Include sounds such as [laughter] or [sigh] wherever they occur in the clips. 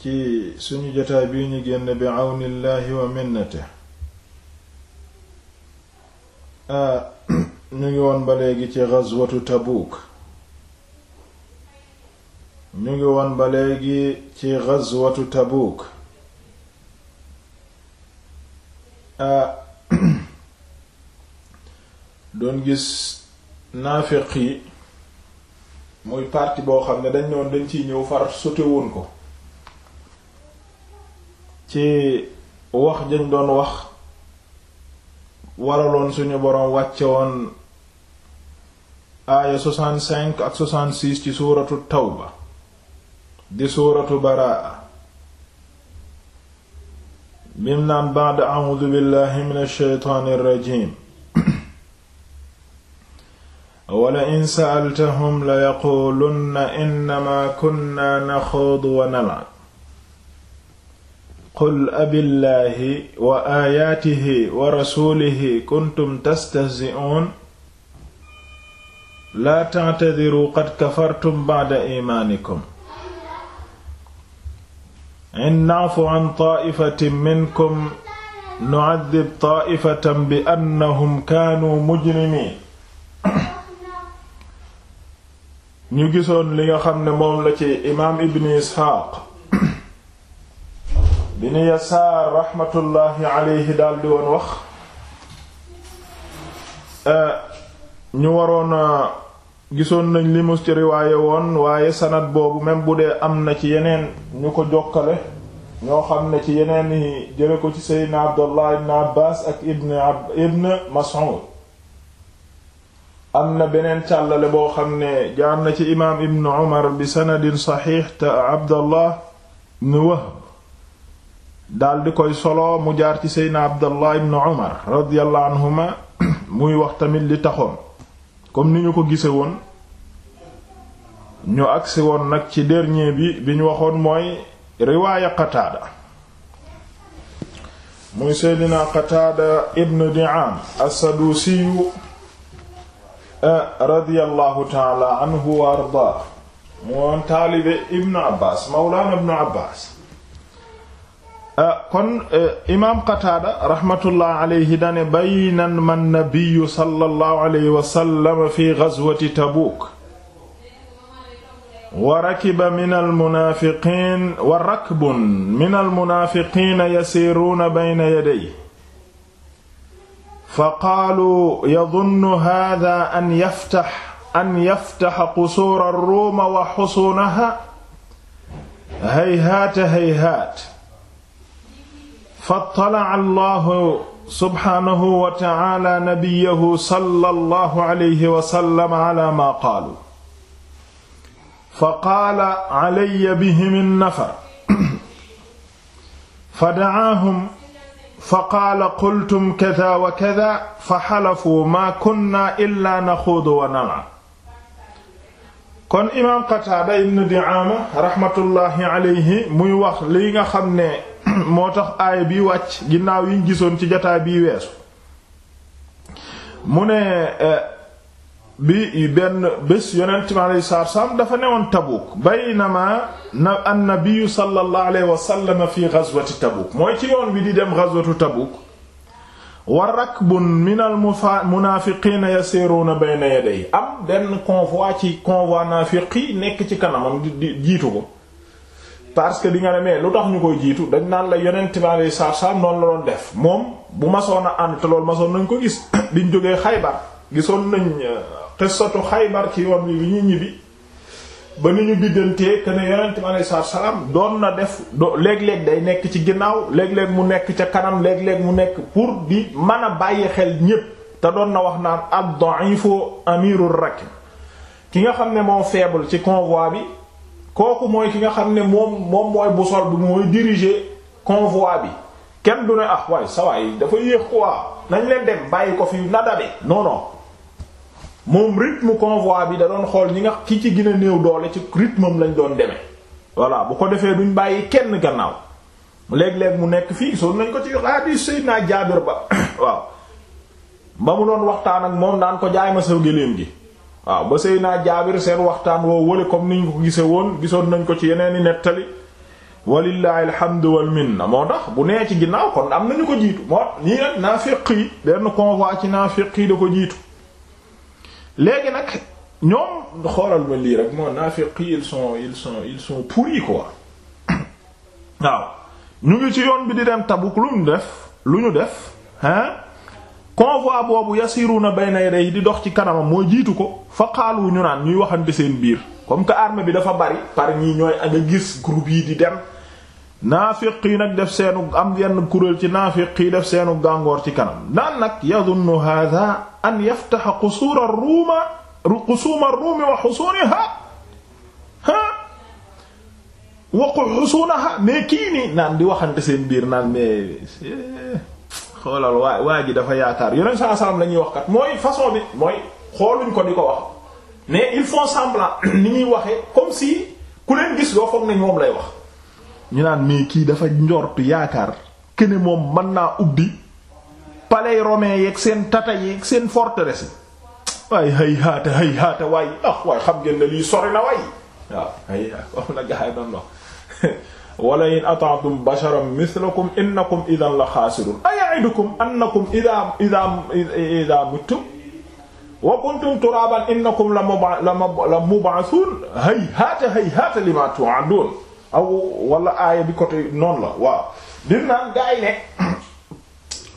ci suñu jotaay bii ñu génn bi àwnillaahi wa minnate [clears throat] ñu ngi woon ba léegi ci ghazwatu Tabuuk ñu ngi woon ba léegi ci ghazwatu Tabuuk [clears throat] doon gis naafiq yi muy parti boo xam ne dañ ñoon dañ ci ñëw far sote ko ci wax jañ doon wax waraloon suñu boroom wàcce woon aaya 65 ak ci suuratu tawba di suuratu baraa bim naan ba'da a'uudu billahi minash wala in sa'altahum la yaqulunna innamaa kunna naxuudu wa nal'ab qul abillahi wa aayaatihi wa rasuulihi kuntum tastahzi'uun laa ta'tadiruu qad kafartum ba'da iimaanikum in na'fu an taa'ifatin minkum nu'addib taa'ifatan bi annahum kaanuu mujrimiin ñu gisoon li nga xam ne moom la ci imaam ibn Isxaaq bi ni yasaar raxmatullaahi alayhi daldi woon wax e, ñu waroon gisoon nañ li mu ci riwaaye woon waaye sanad boobu même bu dee am na ci yeneen ñu ko jokkale ñoo xam ne ci yeneen yi jële ko ci seydina abdullah ibn abbas ak ibn ibn am na beneen càllale boo xam ne jaar na ci imaam ibn umar bi sanadin saxiix te abdullah ibn daldi koy solo mu jaar ci seydna abdallah ibn umar radiyallahu anhuma [clears throat] muy wax tamit li taxoon comme ni ñu ko gise woon ñu agsi woon nag ci dernier bi bi ñu waxoon mooy riwaaya qataada muy seydna qataada ibn di'aam as-sadusiyu eh, radiyallahu anhu wa ardaa mu taalibe ibn abbaas mawlaana ibn abbaas Euh, kon euh, imaam Qataada rahmatullah alayhi dane baynan ma nabiyu sallallahu alayhi wa sallam fi ghazwati Tabuuk wa rakiba minal munaafiqiin wa rakbun minal munaafiqiina yasiiruuna bayna yadayhi faqaalu yadunnu haadaa an yaftax an yaftaxa qusuura Ruuma wa xusuunahaa hayhaata hayhaat fattala'a Allahu subhaanahu wa ta'aala nabiyyahu sallallahu alayhi wa sallam ala maa qaalu. faqaala alayya bihim nafar. fada'aahum faqaala qultum kadaa wa kadaa fahalafuu maa kunnaa illaa naxuudu wa nal'ab. kon imaam Qataada ibn Di'aama raxmatullaahi alayhi muy wax li nga xam ne. [clears throat] moo tax aay bi wàcc ginnaaw yiñ gisoon ci jataay bii weesu mu ne eh, bi benn bés yonent mi alayhi salaatu salaam dafa newoon Tabuk baynama na annabiyu sallallahu alayhi wa sallam fi ghazwati Tabuk mooy ci yoon bi di dem ghazwatu Tabuk wa rakbun min al munaafiqiina yasiruuna bayna yadayhi am benn convoi ci convoi naafiqi nekk ci kanamam di jiitu ko parce que di nga ne mais lu tax ñu koy jiitu dañ naan la yonent bi alayhi salaam noonu la doon def moom bu masoon a ànd te loolu masoon nañ ko gis diñ [coughs] jógee xaybar gisoon nañ euh, xissatu xaybar ci yoon bi bi ñu ñibbi ba nu ñu biddantee que ne yonent bi alayhi salaam doon na def do léeg-léeg day nekk ci ginnaaw léeg-léeg mu nekk ca kanam léeg-léeg mu nekk pour di mën a bàyyi xel ñépp te doon na wax naan ad-da'ifu amirur rakb ki nga xam ne moo faible ci convoi bi. kooku mooy ki nga xam ne moom moom mooy bu sol bi mooy diriger convoi bi kenn du ne ah waay sawaay dafa yéex quoi nañ leen dem bàyyi ko fi na dabe non moom rythme convoi bi da doon xool ñi nga ki ci gën néew doole ci rythme am lañ doon demee voilà bu ko defee duñ bàyyi kenn gannaaw léeg-léeg mu nekk fii soon nañ ko ci sëy naa Jaabir ba [coughs] waaw ba mu doon waxtaan ak moom daan ko jaay ma sa géléem gi waaw ba Seydina Jaabir seen waxtaan woo wële comme ni ñu ko gise woon gisoon nañ ko ci yeneeni nettali walillahi alhamdu wal minna moo tax bu nee ci ginnaaw kon am na ñu ko jiitu moo ñii nag naafiq yi benn convoi ci naafiq yi da ko jiitu léegi nag ñoom xoolal ma lii rek moo naafiq yi ils sont ils sont ils sont pourris quoi [coughs] waaw ñu ngi ci yoon bi di dem Tabuk lu ñu def lu ñu def hein convoi boobu yasiruna bayna yaday di dox ci kanamam moo jiitu ko fa xaalu ñu naan ñuy waxante seen biir comme que armée bi dafa bari par ñii ñooy a nga gis groupe yi di dem naafiq nag def seenu am yenn kuréel ci naafiq yi def seenu gàngoor ci kanam naan nag yadunnu hadha an yaftaha qusuura ruuma qusuuma ruumi wa xusuuniha ha wa xusuunaha mais kii nii naan di waxante seen biir naan mais xoolal waa waa ji dafa yaakaar yeneen saa salaam la ñuy wax kat mooy façon bi mooy xooluñ ko di ko wax mais ils faut semblant [clears throat] ni ñuy waxee comme si ku leen gis doo foog ne moom lay wax. ñu naan mais kii dafa njortu yaakaar kene moom mën naa ubbi palais romain yeeg seen tata yeeg seen forteresse yi. waay hay haata hay haata waay ah waay xam ngeen ne lii sori na waay waaw ay waaw na gaa yi doon wax. [laughs] wala in ata'tum basharan mithlakum innakum idan la xaasirun aya'idukum annakum idaa idaa idaa muttum wa kuntum turaaban innakum la mub'athun hayhaata hayhaata lima tu'adun aw wala aaya bi côté noonu la waaw dinaan gaay ne [coughs]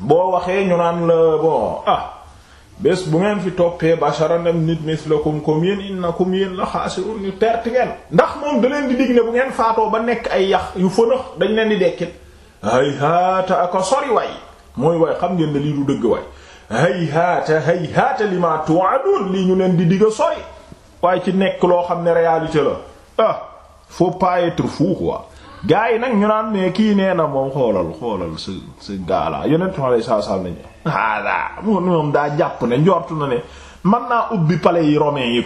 boo waxee ñu naan la bon ah bés bu ngeen fi toppee basharanam nit mislakum comme yéen koom yéen la xaasirun ñu perte ngeen ndax moom da leen di dig ne bu ngeen faatoo ba nekk ay yax yu fënax dañ leen di dekkil hay haata aka sori waay mooy waay xam ngeen ne lii du dëgg waay hay lii ñu leen di digg sori waaye ci nekk loo xam ne réalité la ah faut pas être fou gaa yi nag ñu naan ne kii nee na moom xoolal xoolal sa sa gaalaa yonent ma lay saa saa nañu ah moom daa jàpp ne njortu na ne man naa ubbi palais yi romain yi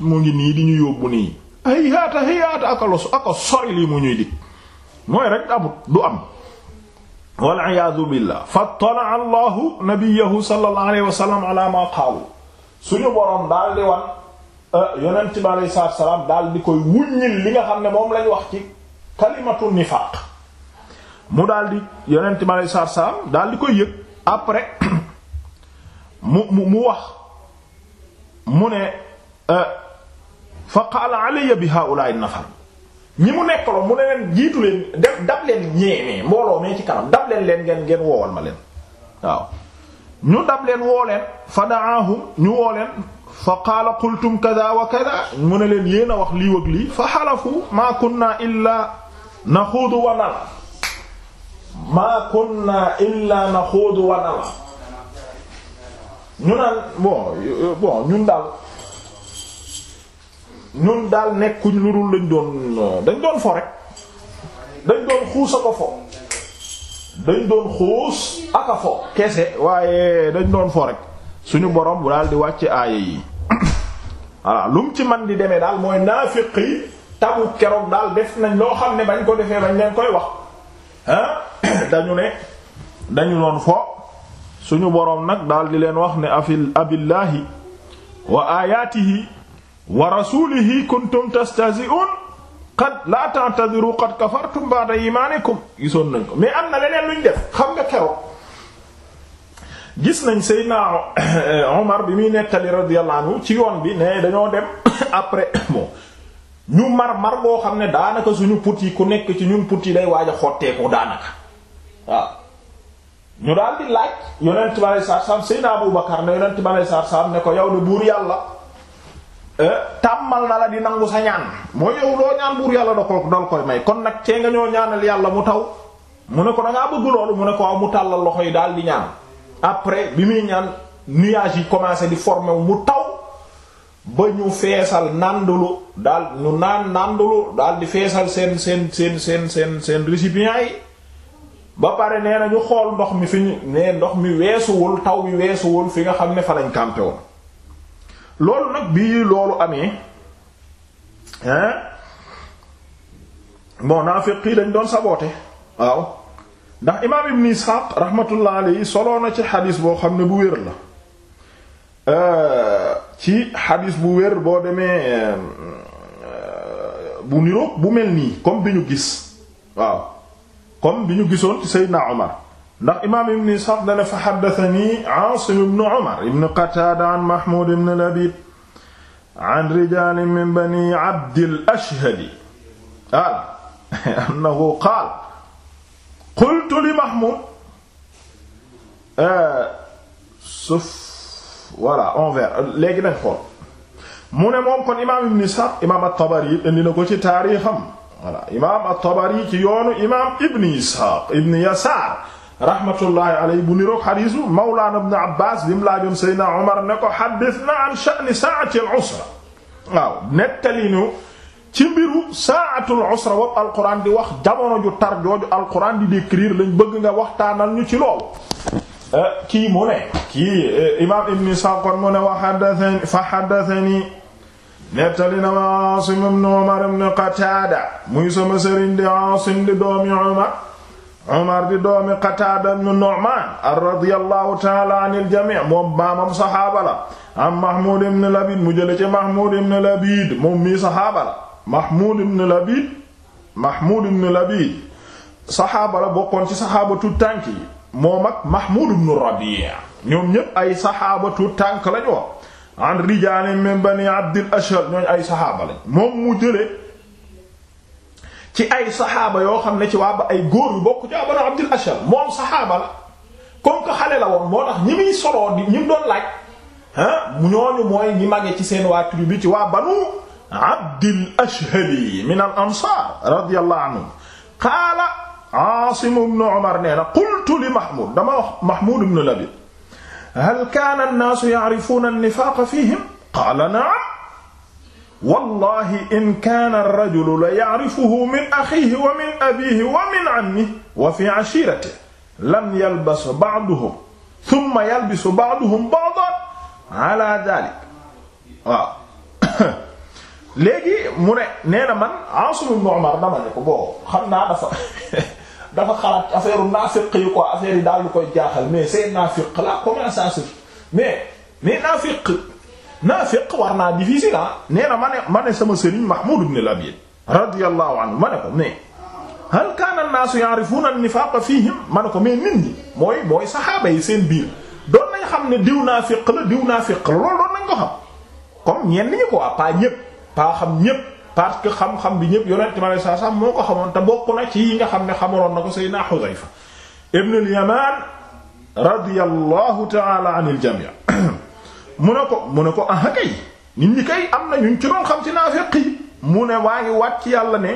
mu ngi nii di ñu yóbbu nii. ay yaata ay yaata ak a sori lii mu ñuy dig mooy rek amut du am. wal iyaadu billah fa tala allahu nabiyahu sallallahu alayhi wa sallam ala ma qaalu suñu boroom daal di wan eh, yonent ma lay salaam daal di koy wuññil li nga xam ne moom lay wax ci. kalimatu nifaaq mu daal di yonent mi aleyhi salaatu salaam daal koy yëg après [clears throat] mu mu mu wax mu ne euh, fa qaala alayya bi haa'ulaa'i nafar ñi mu nekkaloo mu ne leen jiitu leen def dab leen ñeemee mbooloo mee ci kanam dab leen leen ngeen ngeen woowal ma leen waaw ñu dab leen woo leen fa da'aahum ñu woo fa qaala qultum kadaa wa kadaa mu ne leen yéen a wax lii wëg lii fa xalafu maa kunna illaa naxuudu wa nala maa kunna illaa naxuudu wa nala ñu naan bon ñun daal ñun daal nekkuñ lu dul lañ doon dañ doon fo rek dañ doon xuus ak fo dañ doon xuus ak fo kese waaye dañ doon fo rek suñu borom bu daal di wàcce aaya yi [coughs] voilà lu ci man di demee daal mooy naafiq tabu keroog daal def nañ loo xam ne bañ ko defee bañ leen koy wax ah [coughs] dañu ne dañu doon fo suñu boroom nag daal di leen wax ne afil abillahi wa ayatihi wa rasulihi kuntum tastahzi'un qad la ta'tadiru qad kafartum ba'da imanikum gisoon nañ ko mais am na leneen luñ def xam nga keroog gis nañ Seydina [coughs] Omar bi muy nettali radiyallahu ci yoon bi ne dañoo dem [coughs] après bon ñu mar mar boo xam ne daanaka suñu put yi ku nekk ci ñun put yi day waaj a xotteeku daanaka waaw ñu daal di laaj yonent bi alayhi salaam Seydina Abu Bakar ne yonent bi alayhi salaam ne ko yow de buur yàlla eh, tàmmal na la di nangu sa ñaan mooy yow doo ñaan buur yàlla da ko dal koy may kon nag cee nga ñoo ñaanal yàlla mu taw mu ne ko da ngaa bëgg loolu mu ne ko aw mu tàllal loxo yi daal di ñaan après bi muy ñaan nuages yi commencé di former mu taw ba ñu feesal nàndulu daal ñu naan nàndulu daal di feesal seen seen seen seen seen seen récipients yi ba pare nee na ñu xool ndox mi fi ñu nee ndox mi weesuwul taw bi weesuwul fi nga xam ne fa lañ campé woon loolu nag bii loolu amee hein naa naafiq yi dañ doon saboote waaw ndax imaam ibn Ishaq rahmatullah alayhi soloon na ci xadiis boo xam ne bu wér la Euh, ci xadis bu wér boo demee euh, bu niroog bu mel nii comme bi ñu gis waaw comme bi ñu gisoon ci Seydina Omar ndax imaam ibn Isxaaq dana fa xaddatani Aasim ibn Omar ibn Qataada an Mahmuud ibn Labiid an rijaalin min bani Abdil Ashhadi [laughs] annahu qaala qultu li Mahmuud euh, voilà on verra léegi nañ xool mu ne moom kon imaam ibn Ishaq imaam at-Tabari indi na ko ci taarixam voilà ci yoonu imaam ibn Yasaar rahmatullahi alayhi bu niroog xadiisu Mawlaana ibn Abbaas bi mu laajoon Seydina ne ko haddisnaa an sha'ni saa'ati nettali ñu ci mbiru saa'atul usra wa alquran di wax jamono ju tar jooju alquran di décrire lañ bëgg nga waxtaanal ñu ci lool Eh, kii mu ne kii eh, imaam ibn Isxaaq kon mu ne wa haddathani fa haddathani nettali na ma Aasim ibn Umar ibn Qataada muy sama sëriñ di Aasim di doomi Umar Umar di doomi Qataada ibn Nu'maan radiyallahu ta'ala anil jamii' moom maamam saxaaba la am Mahmuud ibn Labiid mu jële ci Mahmuud ibn Labiid moom mii saxaaba la Mahmuud ibn Labiid Mahmuud ibn Labiid saxaaba la bokkoon ci saxaabatu tànk yi moom ak Mahmoud ibn Rabi' ñoom ñépp ay saxaabatu tànk lañu wax an rijaal min bani Abdil Ashhal ñooñu ay saxaaba lañ moom mu jëlee ci ay saxaaba yoo xam ne ci waa ba ay góor yu bokk ci waa bani Abdil Ashhal moom saxaaba la comme que xale la woon moo tax ñi muy soloo di ñi mu doon laaj ah ñooñu mooy ñi màggee ci seen waatu tribu bi ci waa banu Abdil Ashhal min al ansaar radiyallahu anhu qaala Aasim ibn Umar nee na qultu li Mahmoud dama wax Mahmoud ibn Labid hal kaana an-naasu ya'rifuuna an-nifaaqa fiihim qaala na'am wallahi in kaana ar-rajulu la ya'rifuhu min axiihi wa min abiihi wa min ammihi wa fi 'ashiiratihi lam yalbas ba'duhum thumma yalbisu ba'duhum ba'dan 'alaa dhaalik waaw [coughs] léegi mu ne nee na man Aasim ibn Umar dama ne ko boo xam naa dafa [laughs] dafa xalaat affaire naafiq yi quoi affaire yi daal lu koy jaaxal mais c'est naafiq là comment ça se mais mais naafiq naafiq war naa difficile ah nee na ma ma ne sama sëriñ Mahmoud ibn al-Abiid radiyallahu anhu ma ko mais hal kaana an-naasu ya'rifuuna an-nifaaq fiihim ma ne ko mais nit mooy mooy saxaaba seen biir doon nañ xam ne diw naafiq la diw naafiq la loolu doon nañ ko xam comme ñenn ñi quoi pas ñépp pas xam ñépp. parce que xam-xam bi ñëpp yonent mi alayhi salaam moo ko xamoon te bokk na ci yi nga xam ne xamaloon na ko Seydina Xudayfa ibn al-Yamaan radiyallahu ta'ala anil jamii [coughs] mu ne ko mu ne ko ah kay nit ñi kay am na ñu ci doon xam ci naafeq yi mu ne waa ngi wàcc ci yàlla ne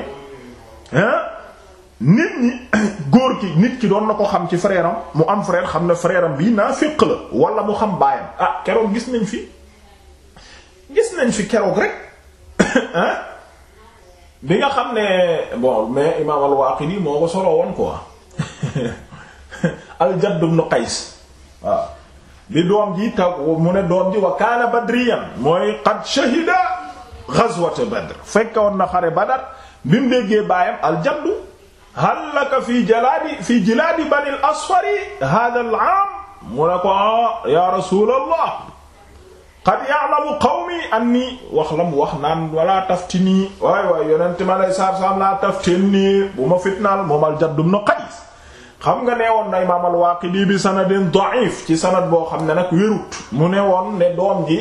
nit ñi [coughs] góor ki nit ki doon na ko xam ci frère mu am frère xam ne frère am bii naafeq la wala mu xam baayam ah keroog gis nañ fi gis nañ fi keroog rek [coughs] bi nga xam ne bon mais imaam al-Waaqidi moo ko solo woon quoi [laughs] Qays bi doom ji taw mu ne doom ji wa kaana badriyan mooy qad shahida ghazwat Badr fekk woon na xare Badar bi baayam al-Jadd fi jilaadi bani al-Asfari haadha mu ne ko ah, ya rasuulallah xad ya'lamu qawmi wax la mu wax naan wala taftini waay waay yonent ma lay saar saam laa taftini bu ma fitnaal moomal xam nga nee woon na imaam al-Waaqidi bi sanadin da'if ci sanad boo xam ne nag wérut mu ne woon ne doom ji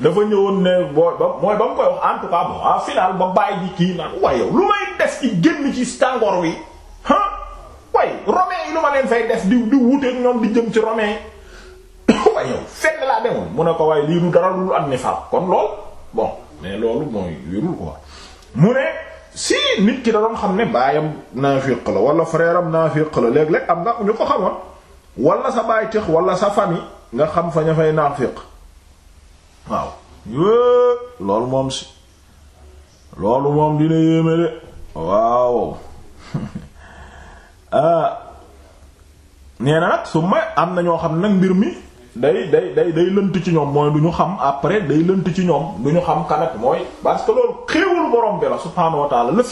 dafa ñëwoon ne booy ba mooy ba mu koy wax en tout cas ba bàyyi ji kii naan waaye lu may def ci génn ci tàngoor wi ah waaye romain yi lu ma leen fay def di di wuteeg ñoom di jëm ci romain [coughs] waaye yow laa demoon mu ne ko waaye lii du dara lu am ni faam kon lool bon mais loolu mooy wérul quoi mu ne si nit ki da doon xam ne baayam naafiq la wala frère am la léeg-léeg am nga ñu ko xamoon wala sa baay nga xam fa ña fay naafiq waaw loolu moom si loolu moom dina yéeme de waaw [laughs] ah. nee na nag su ma am na ñoo xam nag mbir mi day day day day lënt ci ñoom mooy du ñu xam après day lënt ci ñoom du ñu xam kanak mooy parce que loolu xéewal borom bi la subhaanahu wa taala le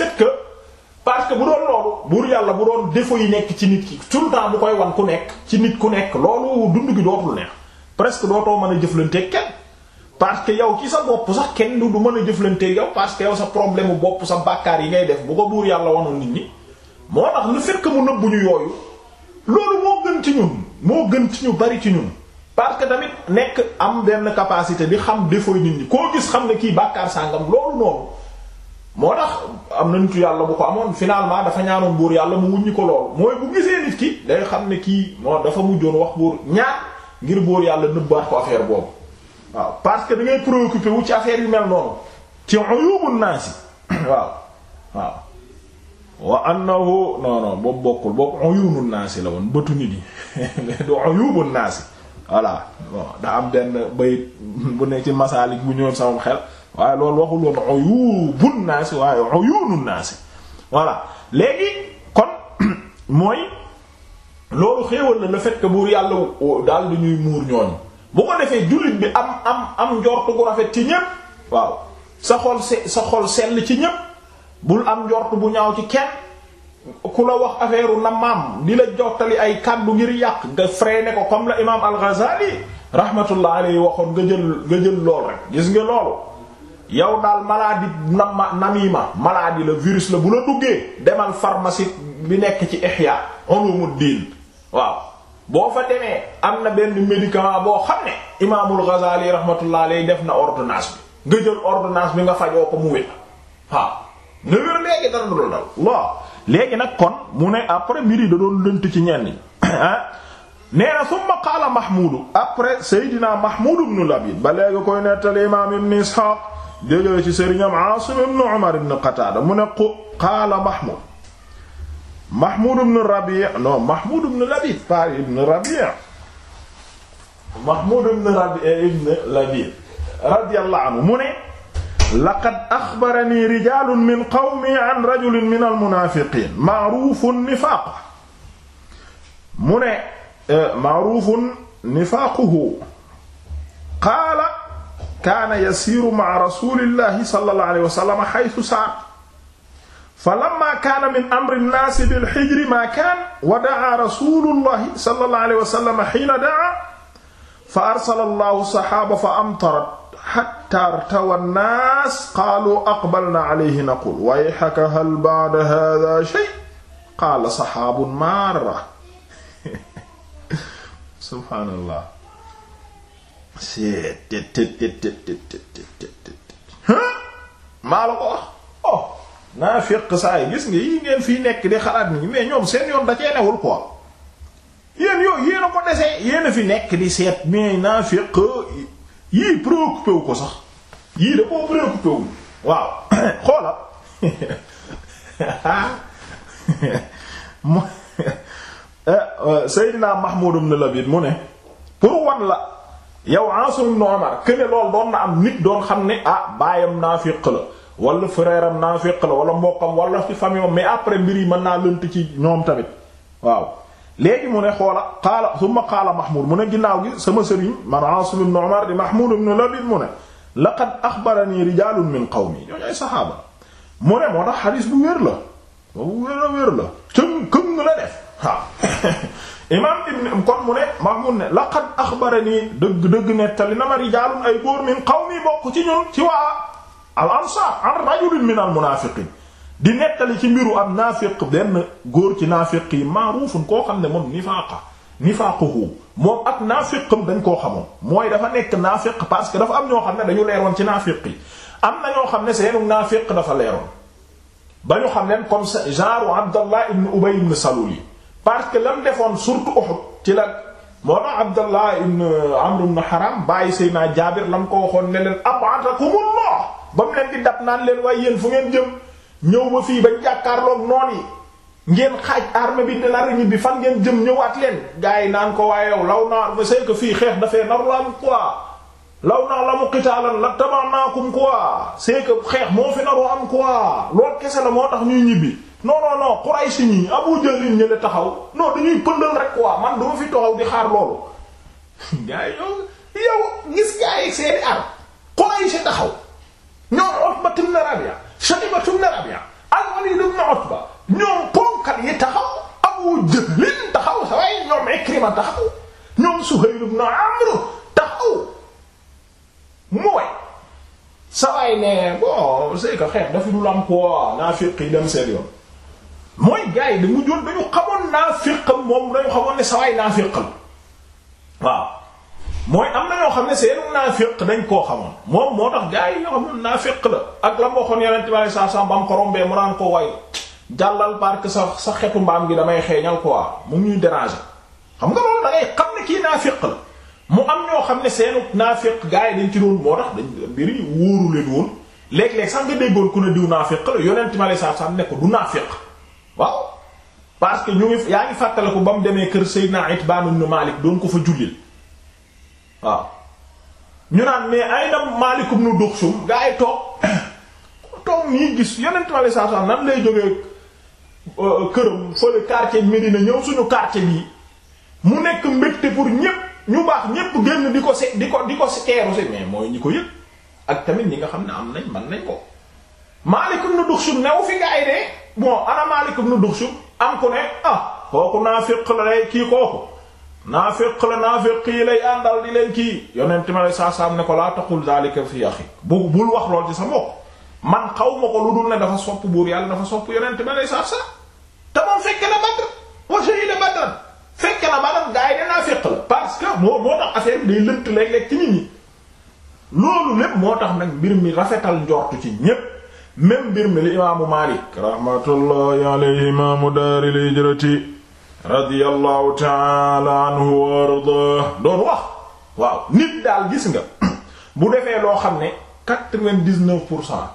parce que bu doon loolu buur yàlla bu doon défaut yi nekk ci nit ki tout le temps bu koy wan ku nekk ci nit ku nekk loolu dund doo dootul neex presque doo too mën a jëflante kenn parce que yow ci sa bopp sax kenn du mën a jëflante yow parce que yow sa problème bopp sa bàkkaar yi ngay def bu ko buur yàlla wanoon ñi moo tax le fait que mu nëbbuñu yooyu loolu moo gën ci ñun moo gën ci ñu ci ñun parce que tamit nekk am benn capacité bi xam défaut nit ñi koo gis xam ne kii bàkkaar sàngam loolu noonu moo tax am na nitu yàlla bu ko amoon finalement dafa ñaanoon buur yàlla mu wuññi ko loolu mooy bu gisee nit ki day xam ne kii moo dafa mujjoon wax buur ñaar ngir buur yàlla nëbbaat ko affaire boobu waaw parce que da ngay wu ci affaire yu mel noonu ci uyubun naasi [coughs] waaw waaw wa annahu non non boobu bokkul boobu uyubun la woon bëtu nit yi [laughs] du uyubun voilà bon daa am benn bayit bu ne ci masaalik bu ñëwoon sama xel waaye loolu waxul woon uyubun naasi waaye naa si voilà léegi kon [clears throat] mooy loolu xéewal na le fait que buur yàlla daal du ñuy muur ñooñu bu ko defee jullit bi am am am njortu gu rafet ci ñépp waaw sa xol sa xol sell ci ñépp bul am njort bu ñaaw ci kenn ku la wax affaire na maam di la jottali ay kàddu ngir yàq nga freiné ko comme la imaam al-Ghazali rahmatullah alayhi waxoon nga jël nga jël lool rek gis nga loolu yow daal maladie nama namima maladie la virus la bu la duggee demal pharmacie bi nekk ci Ihya Ulumuddin waaw boo fa demee am na benn médicament boo xam ne imaamul Ghazali rahmatullah alayhi def na ordonnance bi nga jël ordonnance bi nga fajoo ko mu wér waaw nga wér léegi dara du dal waaw. léegi nag kon mu ne après mbir yi da doon lënt ci ñenn [coughs] ah nee na summa qaala mahmudu après seydina mahmudu ibn labid ba léegi koy nettali imaam ibn ishaq jógee ci sëriñam aasim ibn umar ibn qataada mu ne qaala mahmud mahmud ibn rabi non mahmud ibn labid pas ibn rabi mahmud ibn rabi ibn labid radiyallahu anhu mu ne laqad axbarani rijalun min qawmi an rajulin min almunaafiqin maaruufun nifaaqu mu ne eh, maaruufun nifaaquhu qaala kaana yasiiru ma'a rasulillahi sallallahu alayhi wa sallam haythu saar falamma kaana min amri nnaasi bilhijri maa kaan wa da'aa rasulullahi sallallahu alayhi wa sallam hiina da'aa fa arsala allahu sahaaba fa amtarat xatta irtawa nnaas qaalu aqbalna alayhi naqul wayxaka hal ba'da hada shay qaala saxaabun marra subhaanallah maa la ko wax oh naa féq saa yi gis nga yi ngeen fiy nekk di xalaat nii mais ñoom seen yoon da cee newul quoi yéen yooyu yéen a ko desee yéen a fi nekk di seet mais naa féq yii préoccupé wu ko sax yii da koo préoccupé wu waaw [coughs] xoola [laughs] eh, euh, Seydina Mahmoud ibn Labid mu ne pour wan la yow Asim ibn Umar que doon na am nit doon xam ne ah baayam naafiq la wala frère am naafiq la wala mbokkam wala ci famille mais après mbir yi mën naa lënt ci ñoom tamit waaw. léegi mu ne xoola qaala summa qaala mahmud mu ne ginnaaw gi sama sëriñ man Aasim ibn Umar di mahmud ibn Labid mu ne laqad axbarani rijaalun min qawmi ñooñu ay saxaaba mu ne moo tax xadiis bu wér la bu wér la wér la cëm këm la def waaw [laughs] imaam ibn kon mu ne mahmud ne laqad axbarani dëgg dëgg nettali na ma rijaalun ay góor min qawmi bokk ci ñun ci waa al ansaar an rajulin min al munaafiqiin di nettali ci mbiru am naafiq benn góor ci naafiq yi maaruufun koo xam ne moom nifaaqa nifaaquhu moom ak naafiqam dañ koo xamoon mooy dafa nekk naafiq parce que dafa am ñoo xam ne dañu leeroon ci naafiq yi am na ñoo xam ne seenu naafiq dafa leeroon ba ñu xam leen comme genre Abdallah ibn Ubay ibn Salul yi parce que lam defoon surtout ci la moo tax Abdallah ibn Amr ibn Haram bàyyi Seydina Jaabir lam ko waxoon ne leen ab'atakumullah ba mu leen di dab naan leen waaye fu ñëw ba fii bañ jàkkaarloog noon yi ngeen xaaj armée bi ne nar a ñibbi fan ngeen jëm ñëwaat leen gars yi naan ko waaye yow law naa c'est que fii xeex dafee naru la am quoi law naa la mu la tabanaakum quoi c'est que xeex moo fi naru am quoi loolu kese la moo tax ñuy ñibbi non non ay Quraysh ñi Abu Jahl ñu ne taxaw non dañuy pëndal rek quoi man duma fi taxaw di xaar loolu [laughs] gars yi yow gis gars yi seeni ar Quraysh taxaw ñoom Utba ibn Rabi'a Shaybatu ibn Rabi'a al-Walid ibn Utba ñoom ponkal yi taxaw Abu Jahl taxaw sa waaye ñoom Ikrima taxaw ñoom Suhayl ibn Amr taxaw mu way sa waay ne bon c'est que xeex dafa dul am quoi naafiq yi dem seen yoon mooy gars yi dañu joon dañu xamoon naafiq moom dañu xamoon ne sa waay naafiq waaw mooy am na ñoo xam ne seenu naafiq dañ koo xam moom moo tax gaa yi ñoo xam ne naafiq la ak la moo xoon yeneen bari saa ba mu ko rombee mu ko way jàllal barke sa sa xetu mbaam gi damay xeeñal quoi mu ngi ñuy déranger xam nga loolu da kii naafiq la mu am ñoo xam ne seenu naafiq gaa yi dañ ci doon moo dañ mbir yi wóoru leen woon léeg-léeg sax nga déggoon ku ne diw naafiq la ma lay saa saa ne ko du naafiq waaw parce que ñu ngi yaa ngi fàttale ko ba mu demee kër Seydina Itbaan ibn Maalik doon ko fa jullil waaw ñu naan mais ay na maalikum nu duxum gaa yi toog [coughs] toog nii gis yonent ma saa saa nan lay jógee euh, këram fële quartier Médina ñëw suñu quartier bi mu nekk mbégte pour ñépp ñu baax ñépp génn di ko se di ko di ko teeru si mais mooy ñi ko yëg ak tamit ñi nga xam ne am nañ man nañ ko maalikum nu duxum new fi gaa yi de bon ana maalikum nu duxum am ku ne ah kooku naa féq la kii kooku naafiq la naafiq yi lay àndal di leen kii yonent ma lay saasaam ne ko laa taxul daalika fi axik bu bul wax lool ci sa mbokk man xaw ko lu dul ne dafa sopp buur yàlla dafa sopp yonent ma lay saasaam te moom fekke na Badr wa shahida Badr fekke na Badr gaa yi de naafiq la parce que moo moo tax affaire bi lënt léeg-léeg ci nit ñi loolu lépp moo tax nag mbir mi rafetal njortu ci ñépp même mbir mi li imaamu Maalik rahmatullahi alayhi imaamu daaril hijrati radiyallahu taala anhu wa arda doon wax waaw nit daal gis nga [clears throat] bu defee loo xam ne quatre-vingt-dix-neuf pour cent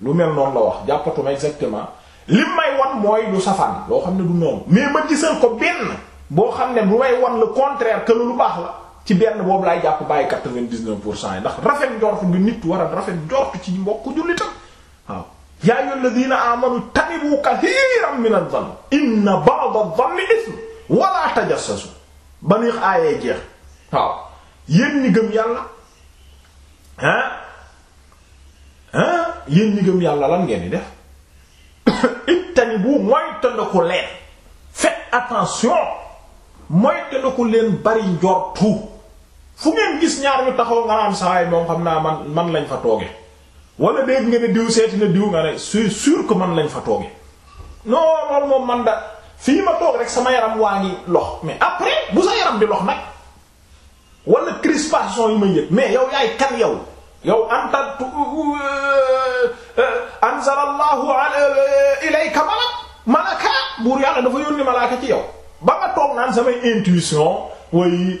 lu mel noon la wax jàppatuma exactement li may wan mooy lu safaan loo xam ne du noonu mais ma gisal ko benn boo xam ne lu may wan le contraire que lu baax la ci benn boobu laay jàpp bàyyi quatre-vingt-dix-neuf pour cent yi ndax rafet njort bi nit war a rafet njort ci mbokku jullitam waaw yaa ayyuhal ladina amanu tanibu kathiran min adh-dhann inna ba'd adh-dhanni ithm wala tajassasu ba ni aayee jeex waaw yéen ñi gëm yàlla ah ah yéen ñi gëm yàlla lan ngeen di def [coughs] ittanibu mooy tëndaku leen faites attention mooy leen bari njortu fu ngeen gis ñaar ñu taxaw nga naan saa yi moom xam naa man man lañ fa tooge wala dégg nga ne diw seeti na diw nga ne c'est sûr que man lañ fa tooge non loolu moom man da fii ma toog rek sama yaram waa ngi lox mais après bu sa yaram di lox nag wala crispation yi ma yëg mais yow yaay kan yow yow anta euh, euh, anzalallahu euh, ilayka malak malaka buur yàlla dafa yónni malaaka ci yow ba nga toog naan samay intuition way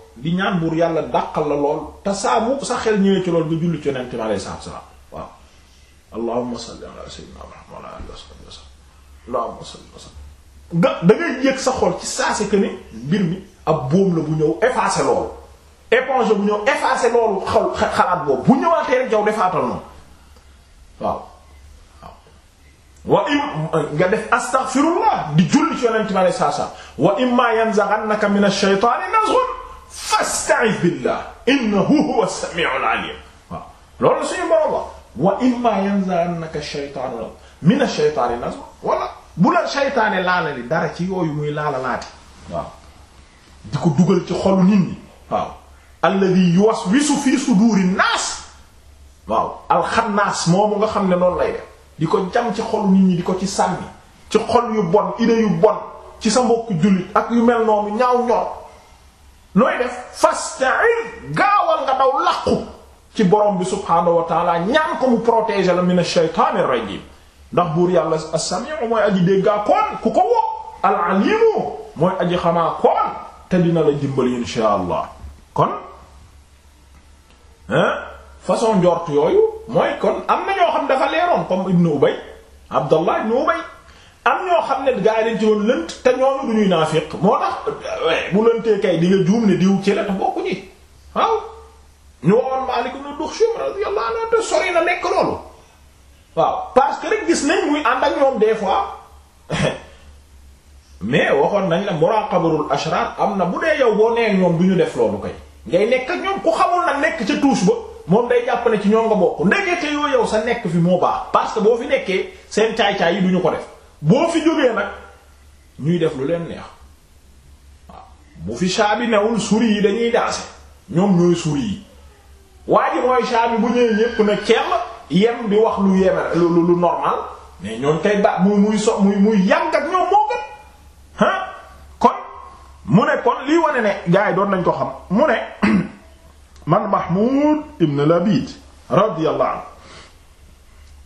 di ñaan buur yàlla dàqal la lool te saa mu sa xel ñëwee ci lool nga julli ci yonent mi alayhi salaatu wa waaw allahumma salli ala sayyidina Muhammad wa ala alihi allahumma salli wa sallam nga da ngay sa xol ci saa si que ne mbir mi ab bóom la bu ñëw effacer loolu éponge bu ñëw effacer loolu xalaat boobu bu ñëwaatee rek yow defaatal noonu waaw wa im nga def astaghfirullah di julli ci yonent mi alayhi salaatu wa wa imma yanzaghannaka minash shaytaani nazghun fasta'iz billah innahu huwa as-sami'ul 'alim waaw loolu suñu borom wax wa imma yanzaghannaka ash-shaytaanu mina ash-shaytaani nazghun wala bu la shaytaane laalali dara ci yooyu muy laalalaati waaw di ko dugal ci xolu nit ñi waaw alladhi yuwaswisu moomu nga xam ne noonu lay def di ko jam ci xolu nit ñi di ko ci sànni ci xol yu bon idée yu bon ci sa mbokku jullit ak yu mel noonu ñaaw ñor nooy def fasta'in gaaw nga daw laqu ci borom bi subhaanahu wa taala ñaan ko mu protéger la min ash-shaytaanir rajiim ndax buur yàlla as-sami'u mooy aji déggaa koon ku ko woo al-aliimu mooy aji xamaa koon te dina la dimbali insha allah kon hein façon njort yooyu mooy kon am na ñoo xam leeroon comme ibnu ubay abdallah ibnu ubay am ñoo xam ne gaa yi dañ ci doon lënt te ñooñu du ñuy moo tax bu lëntee kay di nga juum ne diw ci la te bokku ñi waaw ñu waxoon Maalik ibn Duxsum sori na nekk loolu waaw parce que rek gis nañ muy ànd ak ñoom des fois [laughs] mais waxoon nañ la muraqabatul ashrar am na bu dee yow boo nee ñoom du ñu def loolu kay ngay nekk ak ñoom ku xamul nag nekk ca tuus ba moom day jàpp ne ci ñoom nga bokk ndekete yoo yow sa nekk fi moo baax parce que boo fi nekkee seen caay-caay yi du ko def. boo fi jógee nag ñuy def lu leen neex waaw bu fi shaabi newul suri yi dañuy daase ñoom ñooy suri yi waa mooy shaabi bu ñëwee ñépp na ceeb yem bi wax lu yem lu lu normal mais ñooñ kay ba muy muy so muy muy yàgg ñoom moo gën ah kon mu ne kon lii wane ne gars yi doon nañ ko xam mu ne [clears throat] man Mahmoud ibn Labid radiyallahu anhu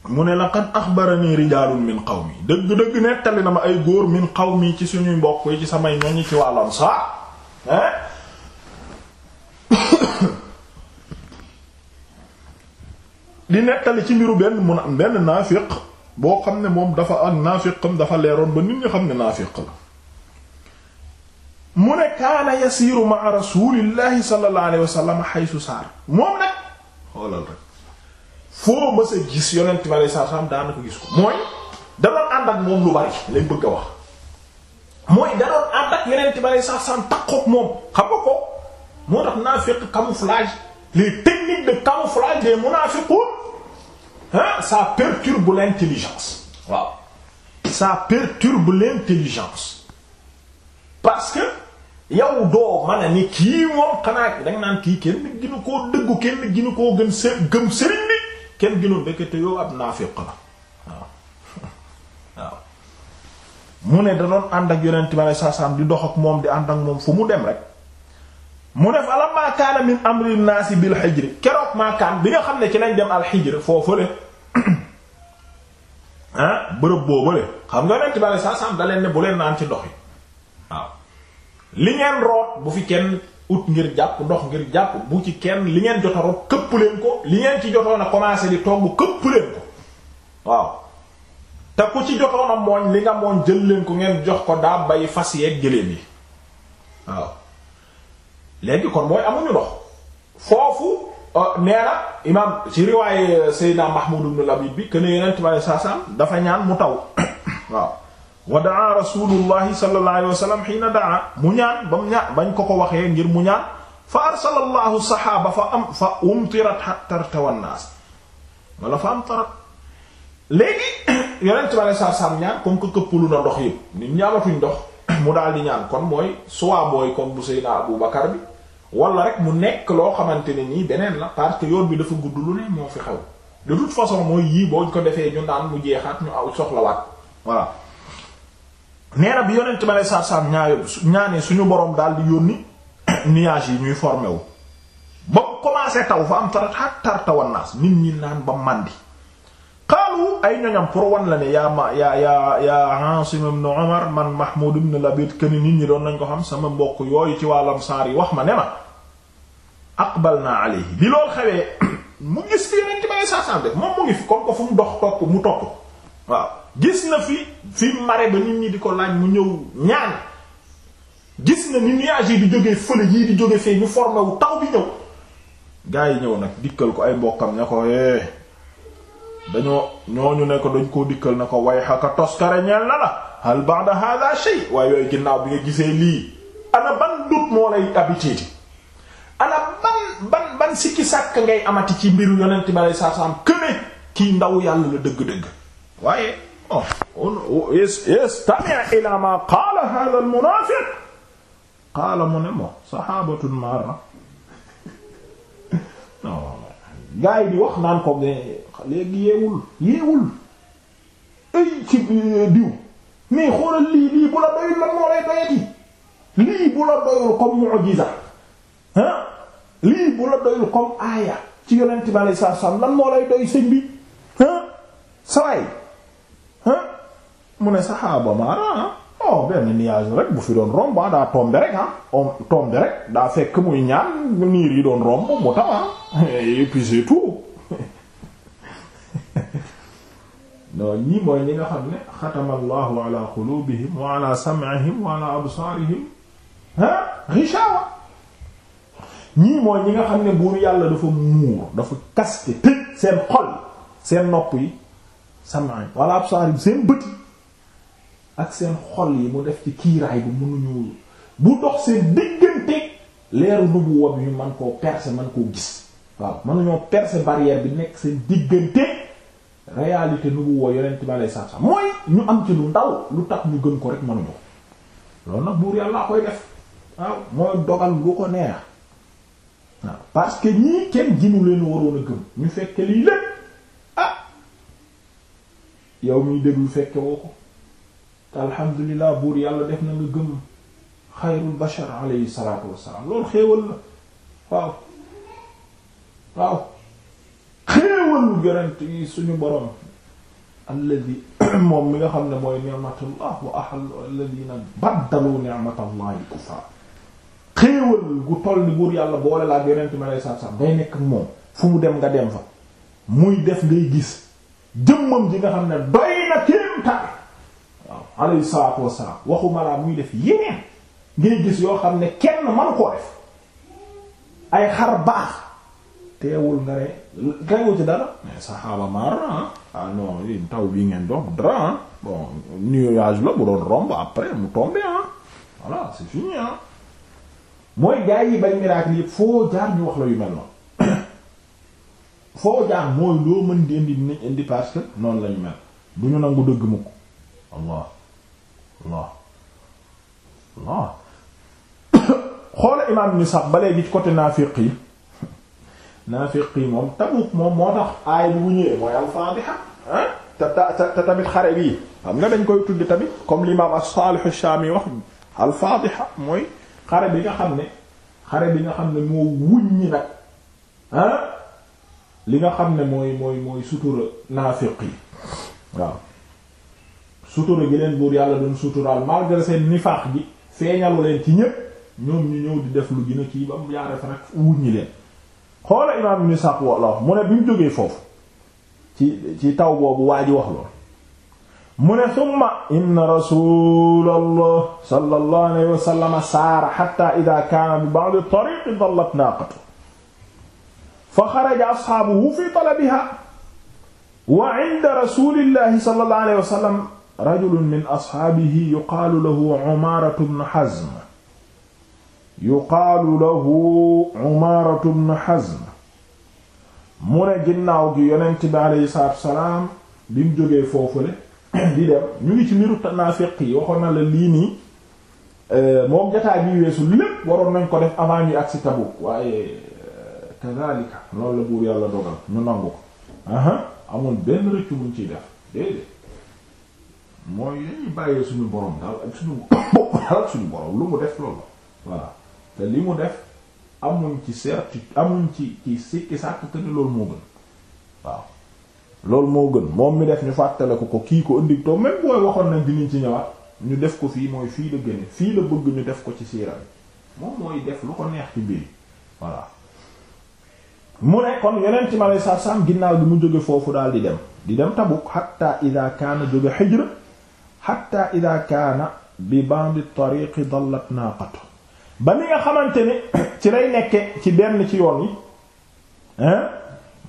mu ne la laqad axbarani rijaalun min qawmi dëgg-dëgg nettali na ma ay góor min qawmi ci suñuy mbokk yi ci samay ñoñ ci waa Ansaar hein [coughs] di nettali ci mbiru benn mun am benn naafiq boo xam ne moom dafa ak naafiqam dafa leeroon ba nit ñi xam ne naafiq la mu ne kaana yasiiru ma rasuulillahi sallallahu alayhi wa sallam haythu saar foo mës a gis yonent bi alayhi gis ko mooy da doon ànd ak moom lu bari lay bëgg a wax mooy da doon ànd ak yonent bi alayhi salaam takkook moom xam nga ko moo tax naafiq camouflage les techniques de camouflage des munaafiqun ah ça perturbe l'intelligence waaw ça perturbe l'intelligence que a ni moom xanaa danga naan kii kenn ginu koo dëggu kenn ginu koo gën sëriñ bi kenn gënoon ndekete yow ab naafiq la waaw waaw mu ne da doon ànd ak yonent bi aleyhi di dox ak moom di ànd ak moom fu mu dem rek mu ne fa lammaa kaana am amri naasi bil xijri keroog maa bi nga xam ne ci lañ dem al alxijri foofule [coughs] ah bërëb boobule xam nga yonent bi aleyhi da leen ne bu leen naan ci ndox yi waaw li ngeen root bu fi kenn. ut ngir jàpp ndox ngir jàpp bu ci kenn li ngeen jot këpp leen ko li ngeen ci jotoon a commencé di togg këpp leen ko waaw te ku ci jotoon a mooñ li nga mooñ jël leen ko ngeen jox ko daa bay fas yeeg gëléem yi waaw léegi kon mooy amuñu ndox foofu euh, nee na imaam ci riwaaye euh, Seydina Mahmoud ibn Labib bi que ne yeneen tubaab yi saa dafa ñaan mu taw [coughs] waaw. wa daa rasulullahi sallallahu alayhi wa sallam xiina daa mu ñaan ba mu ñaan bañ ko ko waxee ngir mu ñaan fa arsala allahu saxaaba fa am fa umtirat tartawan naas wala fa am amtarat léegi [coughs] yonent bi alei satu salaam ñaan ko que lu na ndox yi nit ñaamatuñ ndox [coughs] mu daal di ñaan kon mooy soit mooy comme bu Seydina Abu Bakar bi wala rek mu nekk loo xamante ne nii beneen la parce yoon bi dafa gudd lu ne moo fi xew de toute façon mooy yii boo ko defee ñu naan mu jeexaat ñu aw soxlawaat nee na bi yonent ma ne saar-saam ñaayo ñaanee suñu boroom dal di yónni [clears throat] nuages yi ñuy formé wu ba commencé taw fa am tara tar tawan naas nit ñi naan ba màndi xaalu ay ñoñam pour wan la ne yaa ma yaa yaa yaa Asim ibn Umar man Mahmud ibn Labid këni nit ñi doon nañ ko xam sama mbokk yooyu ci wàllam saar yi wax ma ne ma aqbal naa alayhi bi loolu xewee [clears throat] mu gis fi yonent ma ne saar-saam moom mu ngi fi ko fu mu dox topp mu topp waaw gis na fi fi mare ba nit ñi di ko laaj mu ñëw ñaan gis na ni nuages yi di jógee fële yii di jóge fee ñu formé taw bi ñëw gaa yi ñëw nag dikkal ko ay mbokkam ne ko eh dañoo ñooñu ne ko dañ koo dikkal na ko way xaka toskare ñeel na la hal ba'da hadha shay waaye ginnaaw bi nga gisee lii ana ban dut moo lay habititi ana ban ban sikki sàkk ngay amati ci mbiru yonent bi alei satu salaam këne kii ndaw yàlla la dëgg-dëgg waaye oh istami' oh, oh, ila ma qaala hadha al munaafiq qaala mu ne moom saxaabatun mara [laughs] gaa yi wax naan ko yeewul yeewul ay ci euh, diw mais xoolal lii lii doyul lan moo lay doyati lii bu doyul comme mu'jiza ah lii bu la doyul comme aaya ci yonent bi sallallahu alayhi lan moo lay doy sëñ bi mu ne saxaaba maanaam ah, oh benn nuage rek bu fi doon romb ah daa tombe rek ah tombe rek daa fekk muy ñaan niir yi doon romb mu taw ah [laughs] et tout [laughs] ñii mooy ñi nga xam ne xatama allahu ala qulubihim wa ala absaarihim ah ghishawa ñii mooy ñi nga xam ne buur yàlla dafa muur dafa kaste tëj seen xol seen nopp yi sam'i wala absaarim seen bët ak seen xol yi mu def ci kiiraay bu mënuñu bu dox seen diggante leeru nubuwa bi ñu man koo percer man koo gis waaw mënuñoo percer barrière bi nekk seen diggante réalité nubuwa yonent bi alayhi salaam mooy ñu am ci lu tax ñu gën ko rek mënuñu ko loolu nag buur yàllaa koy def waaw mooy dogal lu ko neex waaw parce que ñii kenn ginu leen waroon a gëm ñu fekk lii lépp yow miy déglu fekke woo ko te alhamdulilah buur yàlla def na nga gëm xayrul bashar alayhi salaatu wassalaam loolu la waaw waaw xéewalu suñu borom alladi [coughs] moom mi nga xam ne mooy ni'matullah wa ahal alladina baddalu ni'matallahi toll ni buur yàlla boole laa ak yonent mi alayhi salaatu nekk moom fu mu dem nga dem fa muy def ngay gis jëmmam ji nga xam ne doy na kéem tànn waaw alayhi salaatu wassalaam waxuma laa def yeneen ngay gis yoo xam ne kenn man koo def ay xar baax teewul nga ne teewul ci dara mais saxaaba mara ah. ah non taw bi ngeen dox dara ah bon nuage la bu doon romb après mu tombé ah voilà c'est fini ah mooy gaa yi bay miracle yëpp foo jaar ñu wax la yu mel noonu foo jaar mooy loo mën di indi dinañ indi parce que noonu lañ mel du ñu nangu dëgg mukk allah allah allah [coughs] xoola imaam ni sax ba léegi ci côté [coughs] naafiq yi moom Tabuk moom moo tax aay bu ñëwee mooy al-Fatiha te tamit xare bii xam nga dañ koy tudd tamit comme l'imam as-Salih ash wax al mooy xare bi nga xam ne xare bi nga xam ne moo wuññi nag ah li nga xam ne mooy mooy mooy sutura naafiq yi waaw sutura gi leen buur yàlla doon suturaal malgré seen nifaax gi feeñalu leen ci ñépp ñoom ñu ñëw di def lu gën a kii ba mu jaaree fa nag wuññi leen xoola imaam ibn Sa'd wax mu ne bi mu jógee foofu ci ci taw boobu waa ji wax lool mu ne summa inna rasulallah sallallahu saara hatta idha kaana bi ba'd tariq dallat naaqatu fa xaraja asxaabuhu fi talabiha wa inda rasulillahi sallallahu alayhi wa sallam rajulun min asxaabihi yuqaalu lahu Umaaratu bnu Hazm yuqaalu lahu Umaaratu bnu Hazm mu ne ginnaaw gi yonent bi aleyhi salaatu wasalaam bi mu jógee foofule di dem ñu ngi ci mbiru naafiq yi waxoon na la lii nii eh, moom jotaay bi weesu lépp waroon nañ ko def avant ñuy agsi Tabuk waaye kadhalika loolu la buur yàlla dogal ñu nangu ko amul benn rëccu buñ ciy def déedéet mooy dañuy bàyyee suñu borom daal ak suñu daal [coughs] ak suñu borom lu mu def loolu la te li mu def amuñ ci certitude amuñ ci ci sikki sàkk te loolu moo gën waaw loolu moo gën moom mi def ñu fàttale ko kii ko indi toog même booy waxoon nañ dinañ ci ñëwaat ñu def ko fii mooy fii la gëne fii la bëgg ñu def ko ci siira bi moom mooy def lu ko neex ci mbir voilà mu ne kon yeneen ci malay sa ginnaaw bi mu jógee foofu daal di dem di dem tabu xatta ida kaana jóge Hijr xatta ida kaana bi bandi tariqi dallat naaqatu ba ni nga xamante ni [coughs] ci lay nekke ci benn ci yoon wi hein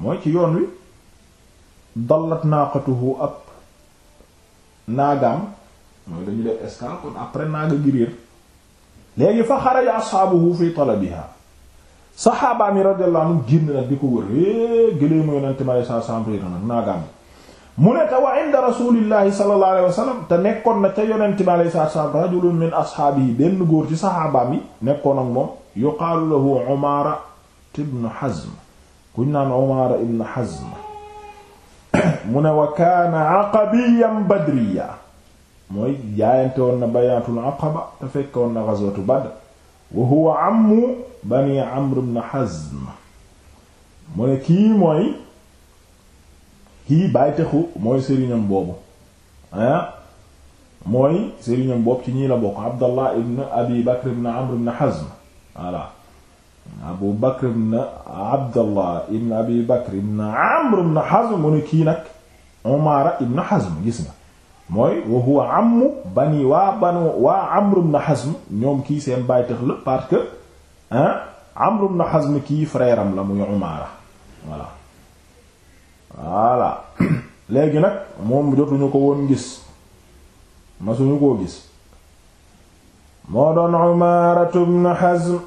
mooy ci yoon wi dallat naaqatuhu ab naagaam mooy dañu def escale kon après naaga gi réer léegi fa xaraja ashaabuhu fi talabiha saxaabaa mi radiyallahu anhum génn nag di ko wër eh, mu ne te wa inda rasulillahi sallallahu alayhi wa sallam te nekkoon na ca yonente mi aleye satu salaam rajulun min ashaabihi benn góor ci saxaabaam yi nekkoon ak moom yuqaalu lahu Umaara ibn Hazm kuñ naan Umaara ibn Hazm [coughs] mu ne wa kaana aqabiyan mooy jaayante woon na bayaatul aqaba te fekkoon Badr wa huwa ammu bani amr ibn hazm mu ne kii mooy kii bàytexu mooy sëriñam boobu ah mooy sëriñam boobu ci ñii la bokk abdallah ibn abi bakr ibn amr ibn hazm voilà abu bakr ibn abdallah ibn abi bakr ibn amr ibn hazm mu ne kii nag umaara ibn hazm gis nga mooy wa huwa ammu bani waa banu waa Amr ibn Hazm ñoom kii seen bàytax la parce que ah Amr ibn kii frère am la muy Umaara voilà voilà [clears throat] léegi nag moom jotuñu ko woon gis masuñu koo gis moo doon Umaara ibn Hazm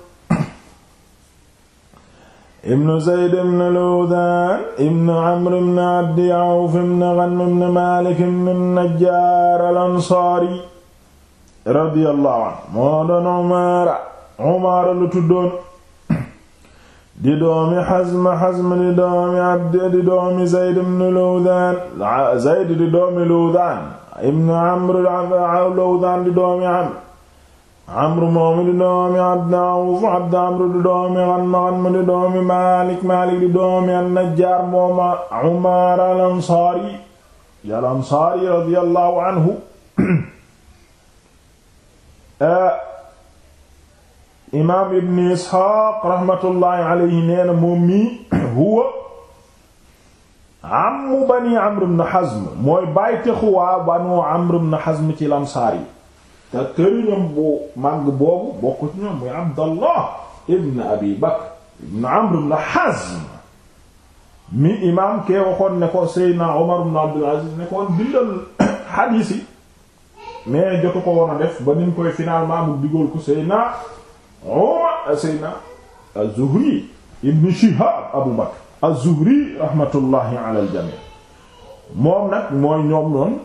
ibnu zayd ibn lawdaan ibn amr ibn abdi awf ibn ghanm ibn malik ibn najjaar al ansaari radiyallahu anhu moo doon umaara umaara lu tuddoon di doomi xasm xasm di doomi abdi di doomi zayd ibn lawdaan zayd di doomi lawdaan ibn amr lawdaan di doomi amr amru moomu di doomi abd awf abd amru di doomi xanma xanma di doomi maalik maalik di doomi annajjaar mooma umaar al ansaari al ansaari radiyallahu anhu imaam ibn isxaaq raxmatullaahi alayhi nee na moom mii huwa ammu bani amr ibn hazm mooy bàytexuwaa banu amr ibn hazm ci lamsaar yi te këriñam bu màgg boobu bokk ñoom muy Abdallah ibn Abi Bakr ibn Amr ibn Hazm mi imaam kee waxoon ne ko Seydina Omar ibn Abdul Aziz ne ko woon bindal [coughs] xadiis jotu ko woon def ba nim koy finalement mu digool ko Seydina Omar Seydina az ibn Shihab Abu Bakr az-Zuhri rahmatullahi ala moom nag mooy ñoom noonu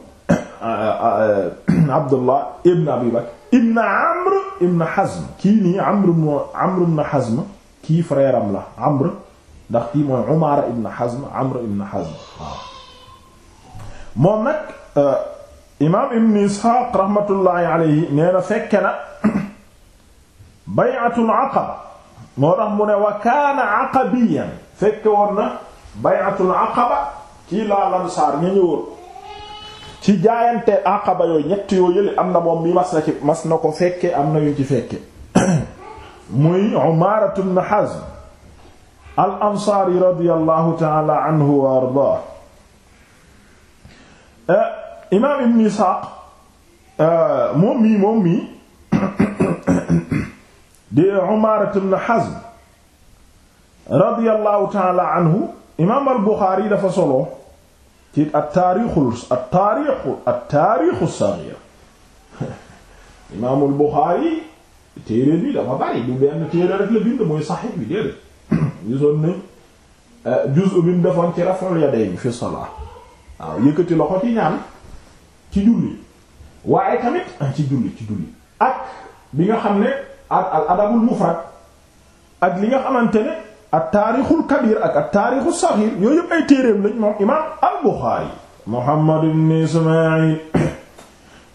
[coughs] Abdullah ibn Abi Bakr ibn Amr ibn Hazm kii nii Amr Amr ibn Hazm kii frère am la Amr ndax kii mooy Umaara ibn Hazm Amr ibn Hazm waaw moom nag euh, imaam ibn Isxaaq rahmatullahi alayhi nee na fekke na [coughs] bay'atul aqaba moo tax mu ne wa kaana aqabiyan fekke woon na bay'atul aqaba kii laa lansaar ña ñëwoon ci jaayante aqaba yooyu ñett yoo yële am na moom mi mas na ci mas ko fekke am na yu ci fekke [coughs] muy Umaaratu ibn Hazm al ansaari radiyallahu ta'ala anhu wa ardaa eh, imaam ibn Isaaq eh, moom mii moom mii [coughs] di Umaaratu radiyallahu ta'ala anhu imaam al Buxaari dafa solo ci at-taarixul at-taarixu at-taarixu as-saghir imaamul Buxaari téere bi dafa bari du benn téere rek la bind mooy saxiix bi déedéet [coughs] gisoon nañ euh, juz'u bi mu defoon ci raf'ul yadayni fi salaa waaw yëkkati loxo ci ñaan ci julli waaye tamit ah, ci julli ci julli ak bi nga xam ne al adabul mufrad ak li nga xamante ne ak taarixul kabir ak ak taarixu saxiir yooyu yëpp ay téereem lañ al Buxaari Muhammad ibn Ismaayil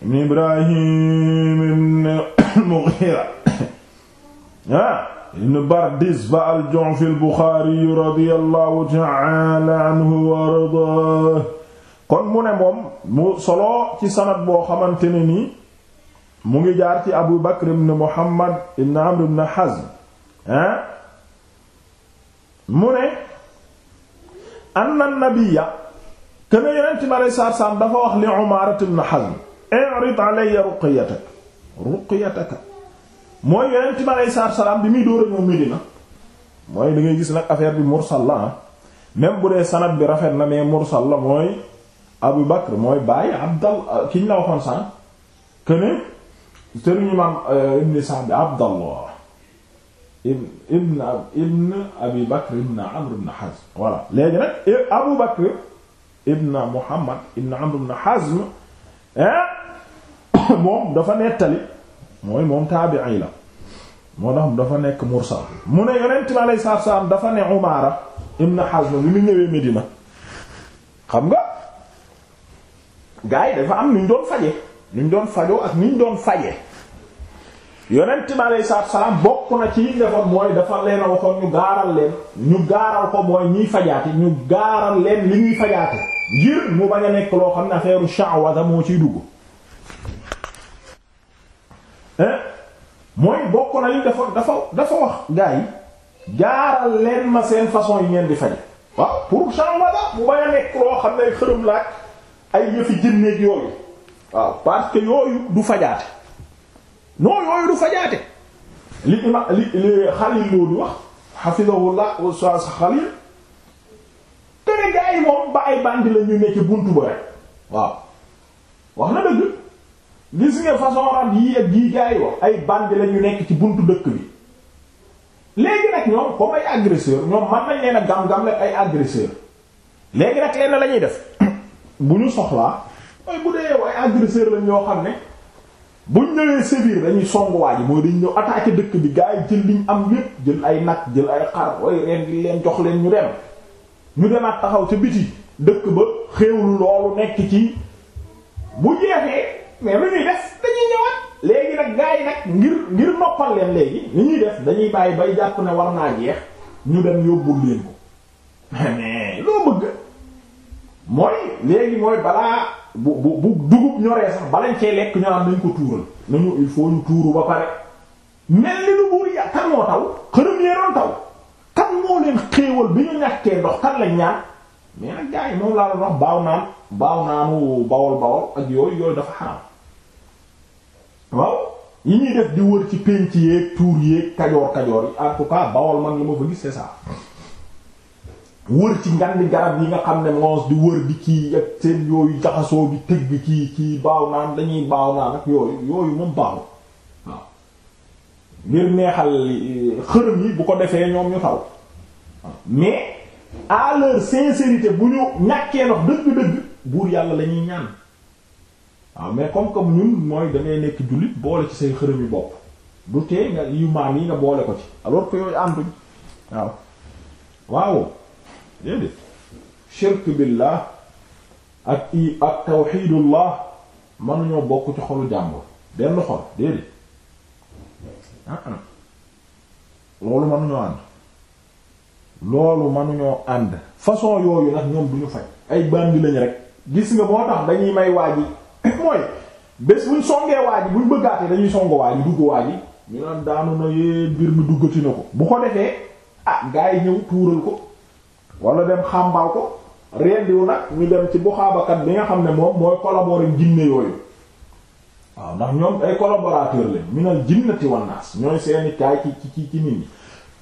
ibn Ibrahim ibn al-Mughira ah, ibn Bardizba al-Ju'fi al-Buxaari radiyallahu ta'ala anhu wa ardaahu kon mu ne moom solo ci sanad boo xamante ne nii mu ngi jaar ci Abu Bakr ibn Muhammad ibn Amr ibn Hazm ah, mu ne anna nabiyya kena yonent bi alei saatu salaam dafa wax li Umaarat ibn Hazm i'rid alayya ruqyataka ruqyataka mooy yonent bi alei saatu bi muy dóor a mooy da ngay gis nag affaire bi mursal la ah. même bu dee sanad bi rafet na mais mursal la mooy Abu Bakr mooy bàyyi Abdallah ki ñu la waxoon sànq que ne sëriñ imam euh, ibn Sa'd ibn ibn abi bakr ibn amr ibn hazm voilà léegi nag e, abu bakr ibn muhammad ibn amr ibn hazm [coughs] moom dafa nettali mooy moom taabi'i la moo tax dafa nekk mursal mu ne yonent bi alayhi salaatu salaam dafa ne umaara ibn hazm bi mu ñëwee medina xam nga gars yi dafa am nuñ doon faje nuñ doon fajoo ak nuñ doon faje yonent bi aleyhi salaatu bokk na ci yi defoon mooy dafa leen a waxoon ñu gaaral leen ñu gaaral ko mooy ñiy fajaate ñu gaaral leen li ñuy fajaate ngir mu nekk loo xam ne affaire sha'waza ciy dugg. Eh? mooy bokk na li dafa dafa dafa wax gaa yi gaaral leen ma seen façon yi ngeen di faje waaw pour sha'waza mu bañ a nekk loo xam ne xërëm laaj ay yëfi jinne yooyu waaw parce que yooyu du fajaate. non yooyu du fajaate li ima li li Xalil loolu wax hafizahullah sa Xalil kene gaa yi moom ba ay bandi la ñu nekk buntu ba rek waaw wax na dëgg gis nga façon rab yii ak yii gaa yi wax ay bandi la ñu nekk ci buntu dëkk bi léegi nag ñoom comme ay agresseur ñoom man nañ leen a gam-gam rek ay agresseur léegi nag leen la ñuy def [coughs] bu ñu soxlaa mooy bu dee yow ay agresseur lañ yoo xam ne bu ñëwee sévir dañuy songuwaay ji mooy dañ ñëw attaquer dëkk bi gars yi jël liñ am lépp jël ay nag jël ay xar way reen gi leen jox leen ñu dem ñu demaat taxaw ca biti dëkk ba xéewlu loolu nekk ci bu jeexee mais lu ñuy def dañuy ñëwaat léegi nag gars nag ngir ngir noppal leen léegi li ñuy def dañuy bàyyi bay jàpp ne war naa jeex ñu dem yóbbul leen ko [laughs] mais loo bëgg mooy léegi mooy balaa bu bu bu dugub ñoree sax balañ cee lekk ñu naan nañ ko tuural nañu il faut ñu tuuru ba pare mel ni lu buur ya kan taw xërëm yee doon taw kan moo leen xéewal bi ñu ñàkkee ndox kan lañ ñaan mais nag gars moom laa doon wax baaw naan baaw naanu bawol bawol ak yooyu yooyu dafa xaram waaw yi ñuy def di wër ci pénc yeeg tuur yeeg kajoor kajoor yi en tout cas bawol man ma fa gis c'est wër ci ngandi garab yi nga xam ne moos di wër di kii seen yooyu jaxasoo bi tëg bi kii kii baaw naan dañuy baaw naan ak yooyu yooyu moom baaw waaw ngir neexal eh, xërëm yi bu ko defee ñoom ñu taw mais à leur bu ñu ñàkkee ndox dëgg-dëgg buur yàlla la ñuy ñaan waaw mais comme comme ñun mooy da ngay nekk jullit boole ci say xërëm yi bopp du tee nga yu yi nga boole ko ci alors que yooyu ànduñ waaw waaw déedéet shirk billah ak i ak tawxidullah mënuñoo bokk ci xolu jàmbur benn xol déedéet ah ah loolu mënuñoo ànd loolu mënuñoo ànd façon yooyu nag ñoom duñu faj ay bandi lañ rek gis nga moo tax dañuy may waaji [coughs] mooy bés buñ songee waaji buñ bëggaatee dañuy songo waaji dugg waaji ñu naan daanu na yee mbir mi duggati ko bu ko defee ah gaa yi ñëw tuural ko wala dem xàmbal ko rendiw nag ñu dem ci bu xaabakat bi nga xam ne moom mooy collaborer jinne yooyu waaw ndax ñoom ay collaborateur lañ minal jinnati wannaas ñooy seeni kaay ci ci ci nit ñi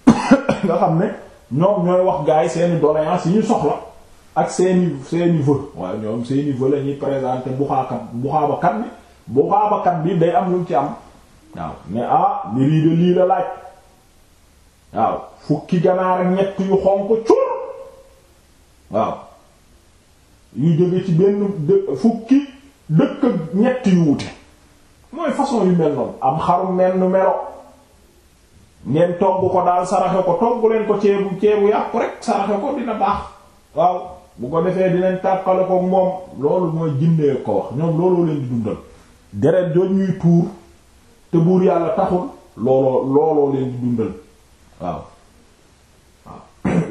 [coughs] nga xam ne ñoom ñooy wax gars yi seeni doléance yi ñu soxla ak seeni seeni vœu waaye ñoom seeni vœu la ñuy présenter buxaakat buxaabakat bu buxaabakat bi day am lu ci am waaw ne ah lii de lii la laaj waaw fukki ganaar ak ñett yu xonq cuur waaw yu jóge ci benn fukki dëkk ak ñett yu wute mooy façon yu mel noonu am xarum mel nu melo ngeen togg ko daal saraxe ko togg leen ko ceebu ceebu yàpp rek saraxe ko dina baax waaw bu ko defee dinañ tàkkale ko moom loolu mooy jindee ko wax ñoom looloo leen di dundal deret jooj ñuy tuur te buur yàlla taxul looloo looloo leen di dundal waaw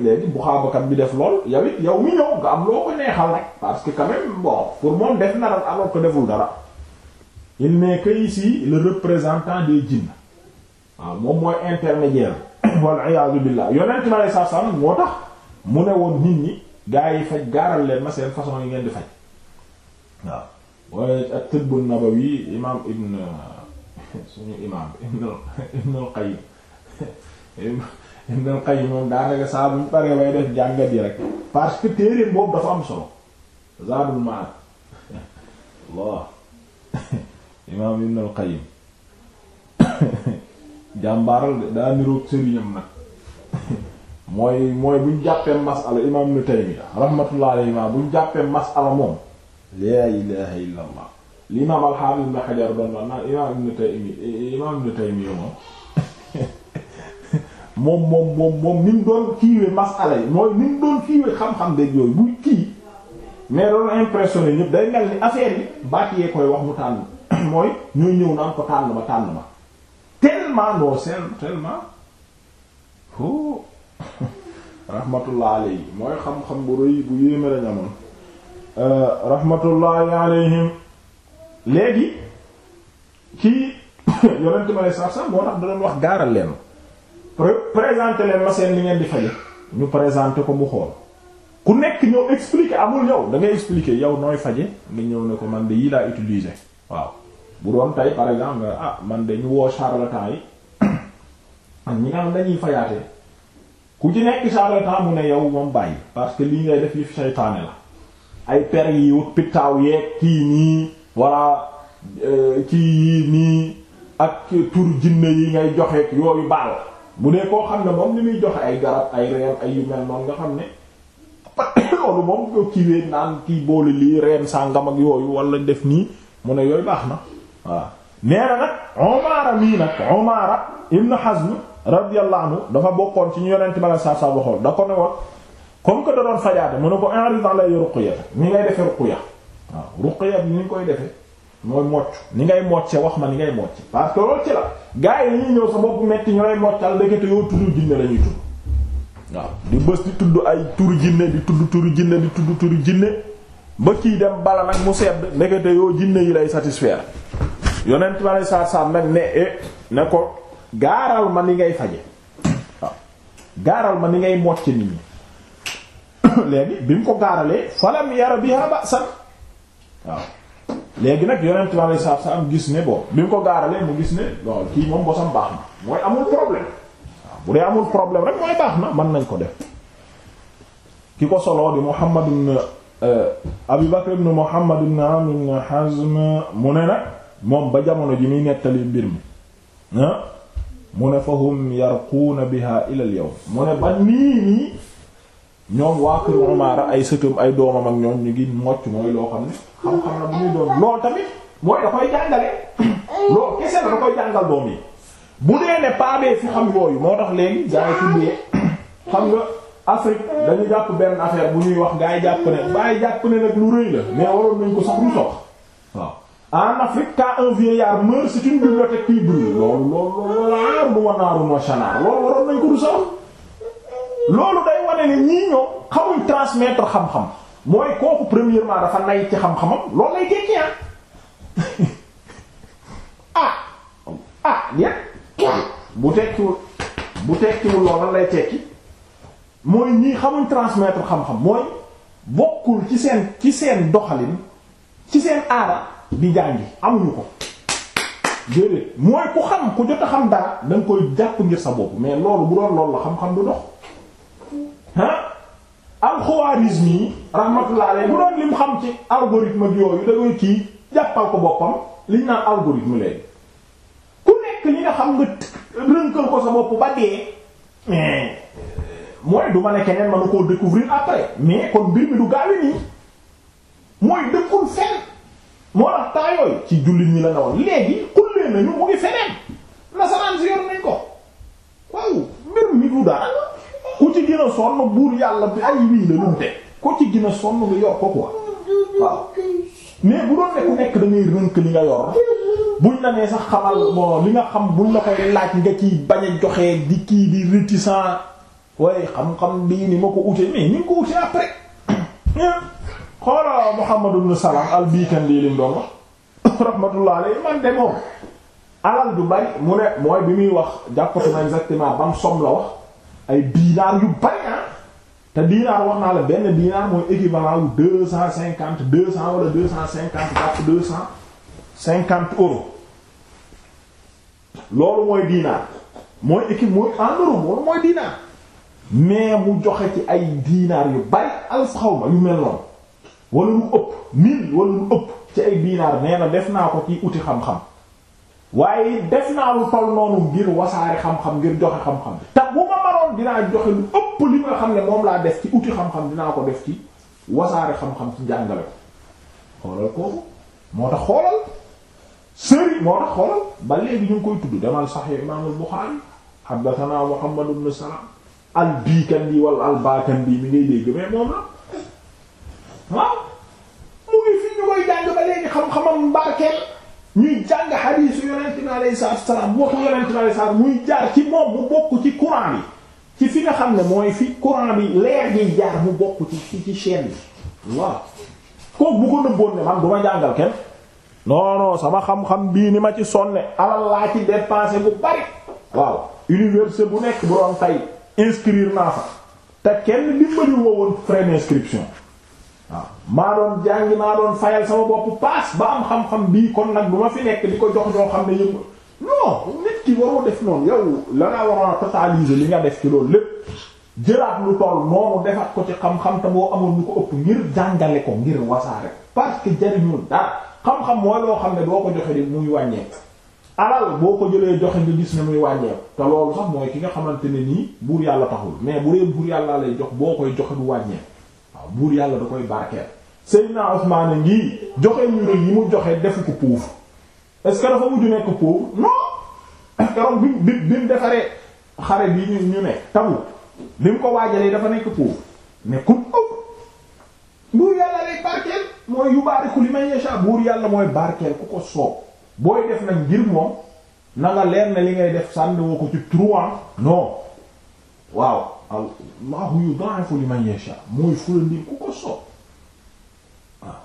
léegi muxaabakat bi def lool yow it yow mi ñëw nga am loo ko neexal nag parce que quand même pour moom def naral alors ko deful dara il n'est que ici le représentant des djinns waaw ah, moom mooy intermédiaire [coughs] wal iyaadu billah yonent ma lay saa sam moo tax mu ne woon nit ñi gaa yi faj gaaral leen ma seen façon yi ngeen di faj waaw mooy ak tëbbu nabawi imaam ibn [laughs] suñu imaam ibn al [laughs] qayyim [laughs] Ibn [laughs] Qayyim moom daanaka saa bu ñu paree way def jàngat yi rek parce que téere boobu dafa am solo Zaadul Ma'aad [laughs] Allah [laughs] imaam Ibn Qayyim jàmbaaral de daa niroog sëriñam nag mooy mooy buñ jàppee masala imaam Ibn Taymiyya rahmatullah imaam al-Hafiz Ibn moom moom moom moom ni mu doon kiiwee masala yi mooy ni mu doon kiiwee xam-xam beeg yooyu buy kii mais doon impressionné ñëpp day mel ni affaire yi baat yee koy wax mu tànn [coughs] mooy ñooy ñëw naan ko tànn ma tànn ma tellement non seen tellement oh [laughs] bu rëy bu euh, alayhim léegi kii [coughs] yonent ma lay sax moo tax da doon wax gaaral leen. présenter leen ma seen li ngeen di faje ñu présenter ko mu xool ku nekk ñoo expliquer amul yow da ngay expliquer yow nooy faje nga ñëw ne ko man de yii laa utiliser waaw bu doon tey par exemple ah man de ñu woo charlatan yi [clears throat] ak ñi nga dañuy fayaatee ku ci nekk temps mu ne yow moom bàyyi parce que li ngay def yëf saytaane la ay per yi wut pittaaw yeeg kii nii walla euh, kii yii nii ak tur jinne yi ngay joxeek yooyu baal bu dee koo xam ne moom ni muy joxe ay garab ay reen ay yu mel nga xam ne [coughs] loolu moom ko kiiwee naan kii boole lii reen sàngam ak yooyu wala def nii mu ne yooyu baax na voilà nee na nag Umaara mii nag Umaara ibn Hazm radiyallahu anhu dafa bokkoon ci ñu yonent ma la saa saa waxoon da ko ne woon comme que da doon fajaate mu ne ko i'rid ala ruqya ni ngay defe ruqya waaw ruqya bi ni ñu koy defe mooy mocc ni ngay mocce wax ma ni ngay mocce parce que loolu ci la gars yi ñuy ñëw sa bopp metti ñu lay moccal ndekete yoo tudd jinne lañuy tudd waaw di bës di tudd ay turu jinne di tudd turu jinne di tudd turu jinne ba kii dem bala nag mu sedd ndekete yoo jinne yi lay satisfaire yonent ma lay saar saar nag ne eh, ne ko gaaral ma ni ngay faje gaaral ma ni ngay mocce nit ñi [coughs] léegi bi mu ko gaaralee falam yara biha ba'san waaw léegi nag yonent bi alayhi salaatu salaam gis ne bon bi mu ko gaaralee mu gis ne lool kii moom bosam baax na mooy amul problème bu dee amul problème rek mooy baax na mën nañ ko def ki ko soloo di Muhammad ibn euh, Abi Bakr Muhammad ibn Amr Hazm mu ne nag moom ba jamono ji muy nettali mbir mi ah, mu ne fa hum yarquuna biha ila al mu ne ba nii nii ñoom waa kër Umaara ay sëtam ay doomam ak ñoom ñu ngi mocc mooy loo xam ne xam-xam na bu ñuy doon loolu tamit mooy da koy jàngale [coughs] loolu kese la da koy jàngal doom yi bu dee ne paabee fi xam yooyu moo tax léegi jaay tuddee [coughs] xam nga Afrique dañu jàpp benn affaire bu ñuy wax ngay jàpp ne jàpp nag lu rëy la mais waroon nañ ko sax lu sox waaw en Afrique quand un vieillard meurt c'est une loolu loolu loolu loolu loolu loolu loolu loolu loolu loolu loolu loolu loolu loolu day wane ne ñii ñoom xamuñ transmettre xam-xam mooy kooku premièrement dafa nay ci xam-xamam loolu lay tekki ah [laughs] ah, ah bu tekkiwul bu tekkiwul loolu lay tekki mooy ñii xamuñ transmettre xam-xam mooy bokkul ci seen ci seen doxalin ci seen aada bi jàngi amuñu ko mooy ku xam ku jot a xam dara da nga koy jàpp ngir sa bopp mais loolu bu doon loolu la xam-xam du dox. ah alxuwaarisme yi rahmatullah alayhi bu doon lim xam ci algorithme bi yooyu da ngay kii jàppal ko boppam liñ naan algorithme léegi ku nekk li nga xam nga rënkal ko sa bopp ba dee mais mooy du ma ne keneen mënu koo découvrir après mais kon mbir mi du gaawi nii mooy dëkkul fenn moo tax temps ci jullit ñi la ne woon léegi xullee nañu mu ngi feneen nasaraan si yor nañ ko waaw mbir mi du dara ku ci gën a sonn buur yàlla bi ay wii la lu mu teg ku ci gën sonn nga yor ko quoi waaw mais bu doon ne ku nekk da rënk li nga yor buñ la nee sax xamal bon li nga xam buñ la koy laaj nga ciy bañ a joxe di kii di réticent waaye xam-xam bii ni ma ko ute mais ni nga ko ute après [coughs] xoola Muhammad ibn Salam al biikan lii lim doon wax [coughs] rahmatullah alayhi man de moom alal du bari mu ne mooy bi muy wax jàppatu na exactement ban somme wax ay dinaar yu bari ah te dinaar wax naa la benn dinaar mooy équivalent wu deux cent cinquante deux cent wala deux cent cinquante quatre deux cent cinquante euros loolu mooy dinaar mooy équipe mooy en euro mooy dinaar mais mu joxe ci ay dinaar yu bari alxaw ma yu mel noonu wala lu ëpp mille wala lu ëpp ci ay dinaar nee na def naa ko ci uti xam-xam waaye def naa lu toll noonu ngir wasaare xam-xam ngir joxe xam-xam noonu dinaa joxe lu ëpp li nga xam ne moom laa def ci uti xam-xam dinaa ko def ci wasaare xam-xam ci jàngale ko xoolal kooku moo tax xoolal sëriñ moo tax xoolal ba léegi ñu ngi koy tudd demal Sahih Imaamul Buxaari haddathana Muhammad ibn Salaam al Bikandi wala al Bakandi dégg mais moom la ñuy jàng xadiisu Yonent bi alayhi salaatu wa muy jaar ci moom mu bokk ci Quraan ci fi nga xam ne mooy fi courant bi leer gi jaar mu bokk ci ci chaîne bi waaw kooku bu ko nëbboon ne man du ma jàngal kenn non sama xam-xam bii ni ma ci sonne alal laa ci dépensé bu bari waaw université bu nekk bu doon tay inscrire naa fa te kenn dimbali wowoon frais d'inscription waaw maa doon jàngi maa doon fayal sama bopp paas ba am xam-xam bii kon nag du ma fi nekk di ko jox ñoo xam ne yëpp non nit ki waroo def noonu yow la nga waroon a totaliser li nga def ci loolu lépp jëlaat lu toll noonu defaat ko ci xam-xam te boo amoon lu ko ëpp ngir jàngale ko ngir wasaare parce que jariñul dara xam-xam mooy loo xam ne doo ko joxe di muy wàññeeku alal boo ko jëlee joxe nga gis ne muy wàññeeku te loolu sax mooy ki nga xamante ne nii buur yàlla taxul mais bu dee buur yàlla lay jox boo koy joxe du wàññeeku waaw buur yàlla da koy barkeel Seydina Usmaan ngi joxe ñu yi mu joxe defu ko est-ce que dafa mujj nekk pauvre non keroog bi bi bi mu defaree xare bi ñu ñu ne Tabuk ko mu ko waajalee dafa nekk pauvre nekkul pauvre buur yàlla lay barkeel mooy yubaariku liman yasha buur yàlla mooy barkeel ku ko soob booy def nag ngir moom na leer na li ngay def sànni woo ko ci trois non waaw Allahu yudaa'ifu liman yasha mooy fulandi ku ko soob waaw ah.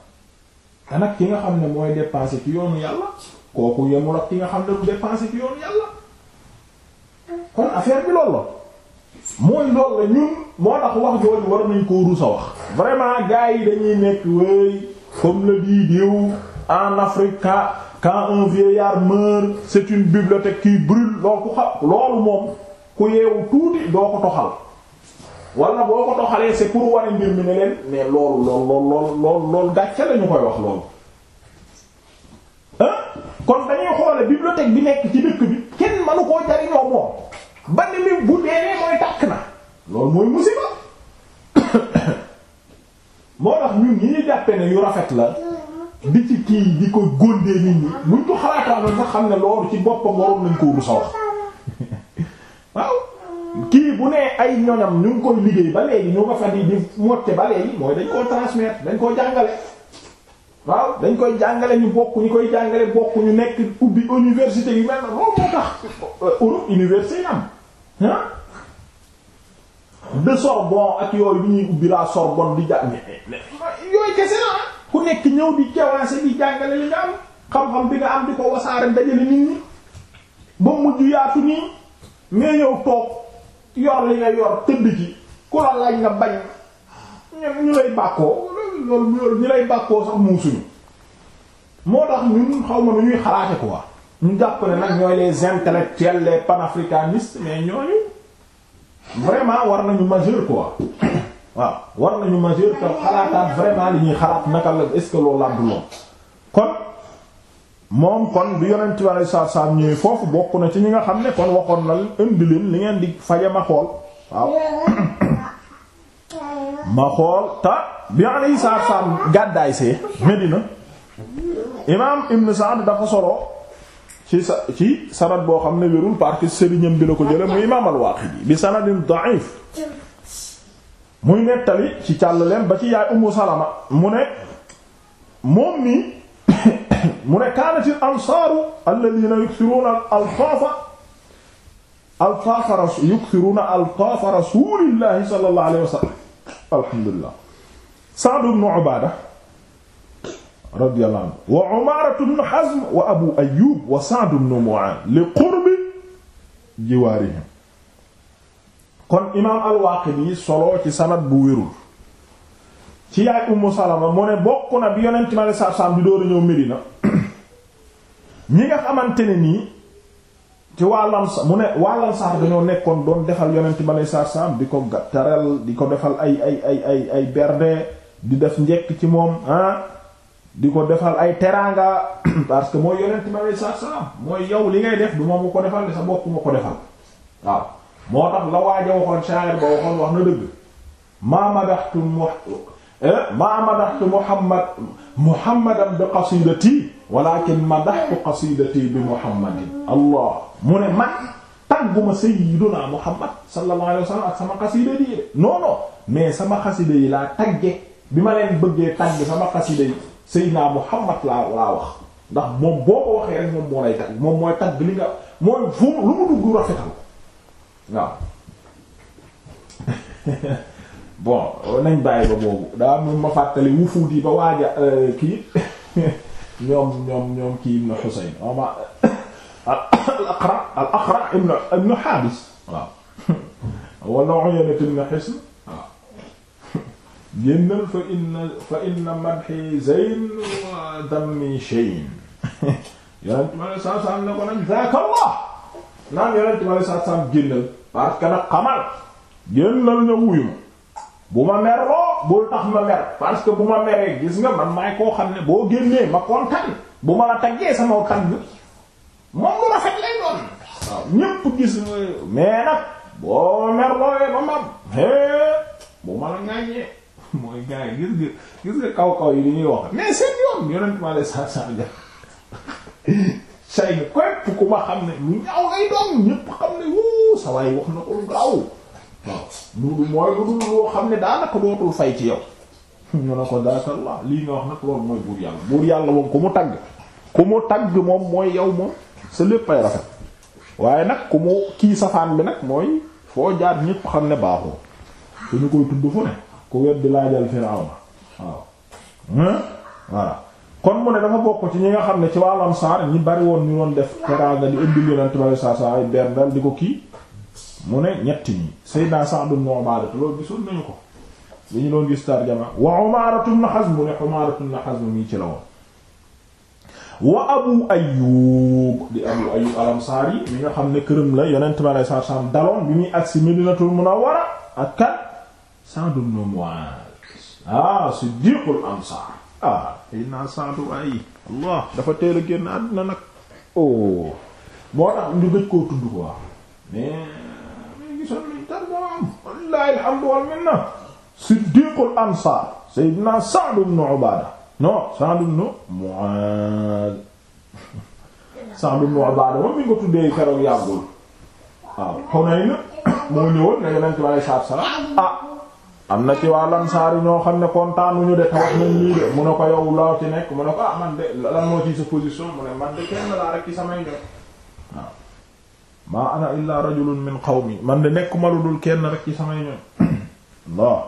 te nag ki nga xam ne mooy dépenser ci yoonu yàlla kooku yemul ak ki nga xam ne du dépensé ci yoonu yàlla kon affaire bi loolu la mooy loolu la ñun moo tax wax jooju war nañ koo rusa wax vraiment gars yi dañuy nekk wéy comme le dit en Afrique quand un vieillard meurt c'est une bibliothèque qui brûle loolu ku xam loolu moom ku yeewu tuuti doo ko toxal wala boo ko toxalee c'est pour wane mbir mi ne leen mais loolu lool lool lool lool lool gàcce ñu koy wax loolu kon dañuy xoole bibliothèque bi nekk ci dëkk bi kenn manu koo jariñoo moom ba ni mi bu deewee mooy tàkk na loolu mooy musiba [coughs] moo tax ñun ñi ñu jàppe yu rafet la di ci kii di ko góndee nit ñi muñ ko xalaataanoon nga xam ne loolu ci boppam waroon nañ ko rusa [laughs] waaw kii bu ne ay ñoñam ñu ngi koy liggéey ba léegi ñu nga fa di di motte ba léegi mooy dañ koo transmettre dañ koo jàngale waaw dañ koy jàngale ñu bokk ñu koy jàngale bokk ñu nekk ubbi université yu mel na loolu moo tax euh, Europe université yam ah de Sorbonne ak yooyu bi ñuy ubbi la Sorbonne di jàng yooyu kese la ku nekk ñëw bi jawaase di jàngale li nga am xam-xam bi nga am di ko wasaare dajale nit ñi ba mujj yaatu nii mais ñëw toog yor li nga yor tëdd ci ku la laaj nga bañ ñu lay bàkkoo loolu loolu ñi lay bàkkoo sax muusuñu moo tax ñun xaw ma nu ñuy xalaate quoi ñu jàpp ne nag ñooy les intellectuels les panafricanistes mais ñooñu vraiment war nañu majeur quoi [coughs] waaw war nañu majeur te xalaataat vraiment li ñuy xalaat naka la est-ce que loolu la du lool kon moom kon bi yonent bi alei satu salaam ñëwee foofu bokk na ci ñi nga xam ne kon waxoon la indi li ngeen di faje ma xool waaw [coughs] ma xool te bi alayhi salaatu salaam gàddaay see Medina imaam Ibn Sa'd dafa solo ci sa ci sanad boo xam ne wérul parce que sëriñam bi la ko jële muy imaam al-Waaqidi bi sanadin da'if muy nettali ci càllaleem ba ci yaay Ummu Salama mu ne moom nii [coughs] mu ne kaanat al-ansaaru alladhiina yuksiruuna al-alfaafa alfaafa yuksiruuna alfaafa rasuulillaahi sallallaahu alayhi wa alhamdulilah Sa'd ibn Ubaada radiyallahu wa Umaara ibn Hazm wa Abu Ayyub wa Sa'd ibn Mu'aaz li qurbi jiwaarihim kon imaam al-Waaqidi solo ci sanad bu wérul ci yaay Ummu Salama mu ne bokk na bi yonent mi sallallahu alayhi wa sallam ñëw Medina [coughs] ñi nga xamante ne nii ci wàllan sa mu ne wàllan saar dañoo nekkoon doon defal yonent ba lay saar saam di ko teral di ko defal ay ay ay ay ay berde di def njekk ci moom ah di ko defal ay teraanga [clears throat] parce que mooy yonent ba lay saar saam mooy yow li ngay def du moom mu ko defal de sa bopp ko defal waaw moo tax la waaja waxoon shaayir ba waxoon wax na dëgg maa madaxtu mu eh, maa madaxtu muhammad muhammadan bi qasidati walakin madaxtu qasidati bi muhammadin allah mu ne man tàgguma sayyiduna muhammad sallallahu alayhi wa sallam ak sama xasida yi mais sama xasida yi laa tagge bi ma leen bëggee tagge sama xasida yi sayyidina muhammad laa laa wax ndax moom boo ko waxee rek moom moo lay tagg moom mooy tagg li nga mooy fu lu mu dugg rafetal waaw [laughs] bon nañ bàyyi ba boobu daa am ma fàttali wufuut ba waaja euh, kii [laughs] ñoom ñoom ñoom kii ibn Husayn ama al Aqra al Aqra ibn Hisn waaw [laughs] fa inna fa inna madhi zayn wa dammi shayn [laughs] yonent ma ne bu ma meroo oh, bul tax ma mer parce que boo ma meree gis nga man maay koo xam ne boo génnee ma kontaan bu ma la taggee sama tagg moom lu rafet lay doon waaw ñépp gis mais nag boo merlooyee ba mam bu ma la ngàññee [laughs] mooy gars yi gis gis nga kaw kaw yi li ñuy wax mais seen yoon yonent ma le sa sa ja [laughs] say nga képp ku xam ne lu ñaaw lay doon ñépp xam ne wuu sa waay wax na ko lu gaaw waaw loolu mooy lu dul loo xam ne daanaka dootul fay ci yow [laughs] ñu ne ko daakalla lii nga wax nag loolu mooy buur yàlla buur yàlla moom ku mu tagg ku mu tagg moom mooy yow moom sa lépp ay rafet waaye nag ku mu kii safaan bi nag mooy foo jaar ñépp xam ne baaxoo dañu koy tudd fu ne ku wet di laajal Firawna waaw voilà kon mu ne dafa bokk ci ñi nga xam ne ci wàllam saar ñi bari woon ñu doon def teraanga di indi yonent bi sallallahu alayhi wasallam berndal di ko ki mu ne ñetti ñi Seydina Sa'd ibn Ubaadatu loolu gisoon nañu ko li ñu doon gis tarjama wa Umaaratu ibn Hazm ne Umaaratu ibn Hazm ci la woon wa Abu Ayyub di Abu Ayyub al-Ansaari mi nga xam ne këram la Yonent bi alayhi salaatu salaam daloon bi muy agsi Madiinatul Munawwara ak kat Sa'd ibn Mu'aaz ah Siddiqul Ansaar ah Seydina Sa'd ay Allah dafa teel a génn àddina nag oh moo tax ñu gëj koo tudd quoi mais gisoon nañ tarjamaam wallaahi alhamdu wal minna siddiqul ansaar seydina Sa'd ibn Ubaada non Sa'd ibn Mu'aaz Sa'd ibn Ubaada moom mi nga tuddee keroog yàggul waaw Hunayn moo ñëwoon ne Yonent bi alayhi salaatu salaam ah am na ci waa lansaar yi ñoo xam ne kontaanuñu de tawax nañ lii de mu ne ko yow loo ci nekk mu ne ko ah man de lan moo ci sa position mu ne man de kenn laa rek ci samay ñoom waaw maa ana illaa rajulun min qawmi man nekk ma lu dul kenn rek ci samay ñoñ waaw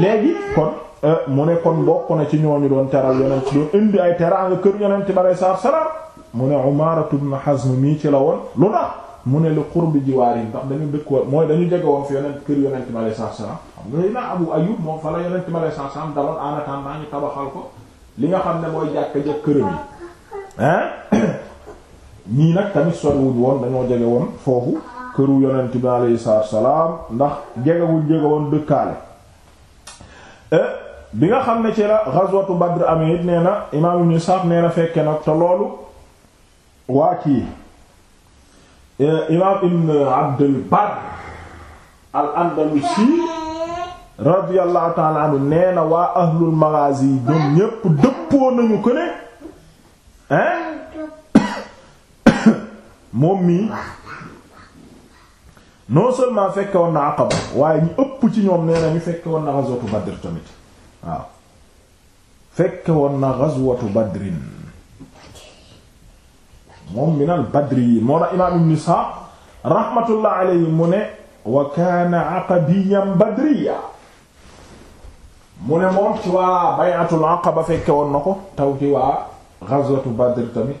léegi kon euh, mu ne kon bokk na ci ñooñu doon teral yonent doon indi ay teraanga kër yonent bi aleyhi sa wa salaam mu ne Umaaratu ibn Hazm mii ci la woon mu ne li qurbi jiwaar yi ndax dañu dëkk mooy dañu jege woon fi yonent kër yonent bi aleyhi salaatu wa salaam xam nga naa Abu Ayyub moom fa la yonent bi aleyhi salaatu wa salaam daloon en attendant tabaxal ko li nga xam ne mooy jàkka jëkkëram yi ñii nag tamit soriwuñ woon dañoo jege woon foofu këru yonent bi alayhi salaatu salaam ndax jegewuñ jege woon dëkkaale eh, bi nga xam ne ci la ghazwatu Badr amee nee na imaam Ibn Sa'd nee na fekke nag te loolu waa kii eh, imaam Ibn Abdul Barr al-Andalusi radiyallahu ta'ala nee na waa ahlul maghazi ñoom ñépp dëppoo nañu ko ne moom mii non seulement fekke woon na Aqaba waaye ñu ëpp ci ñoom nee na ñu fekke woon na ghazwatu tamit fekke woon na ghazwatu Badrin moom minal Badri yi moo na imaam Ibn Ishaq rahmatullah alayhi mu ne wa kaana aqabiyyan badriya mu ne moom ci waa bay'atul Aqaba fekke woon na ko taw ci waa ghazwatu tamit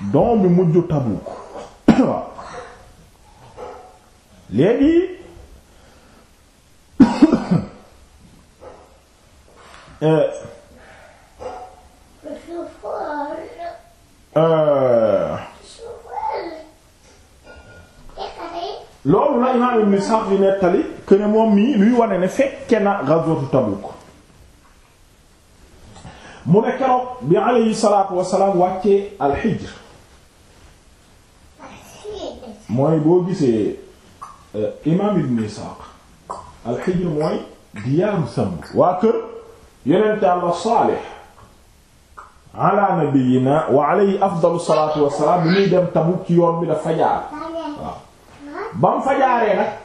doom bi mujj Tabuk waaw léegi euh, loolu la imaam Ibn Sa'd di nettali que ne moom mii luy wane ne fekke na ghazwatu Tabuk mu ne keroog bi alayhi salaatu wassalaam wàccee al-Hijr mooy boo gisee euh, imaam ibn Isaaq al-Hijr mooy diyaaru Samb waa kër yonent Yàlla Saalih ala nabiyyina wa alayhi afdalu salaatu wassalaam bi muy dem Tabuk ci yoon bi daf fa jaar waaw bam fa jaaree nag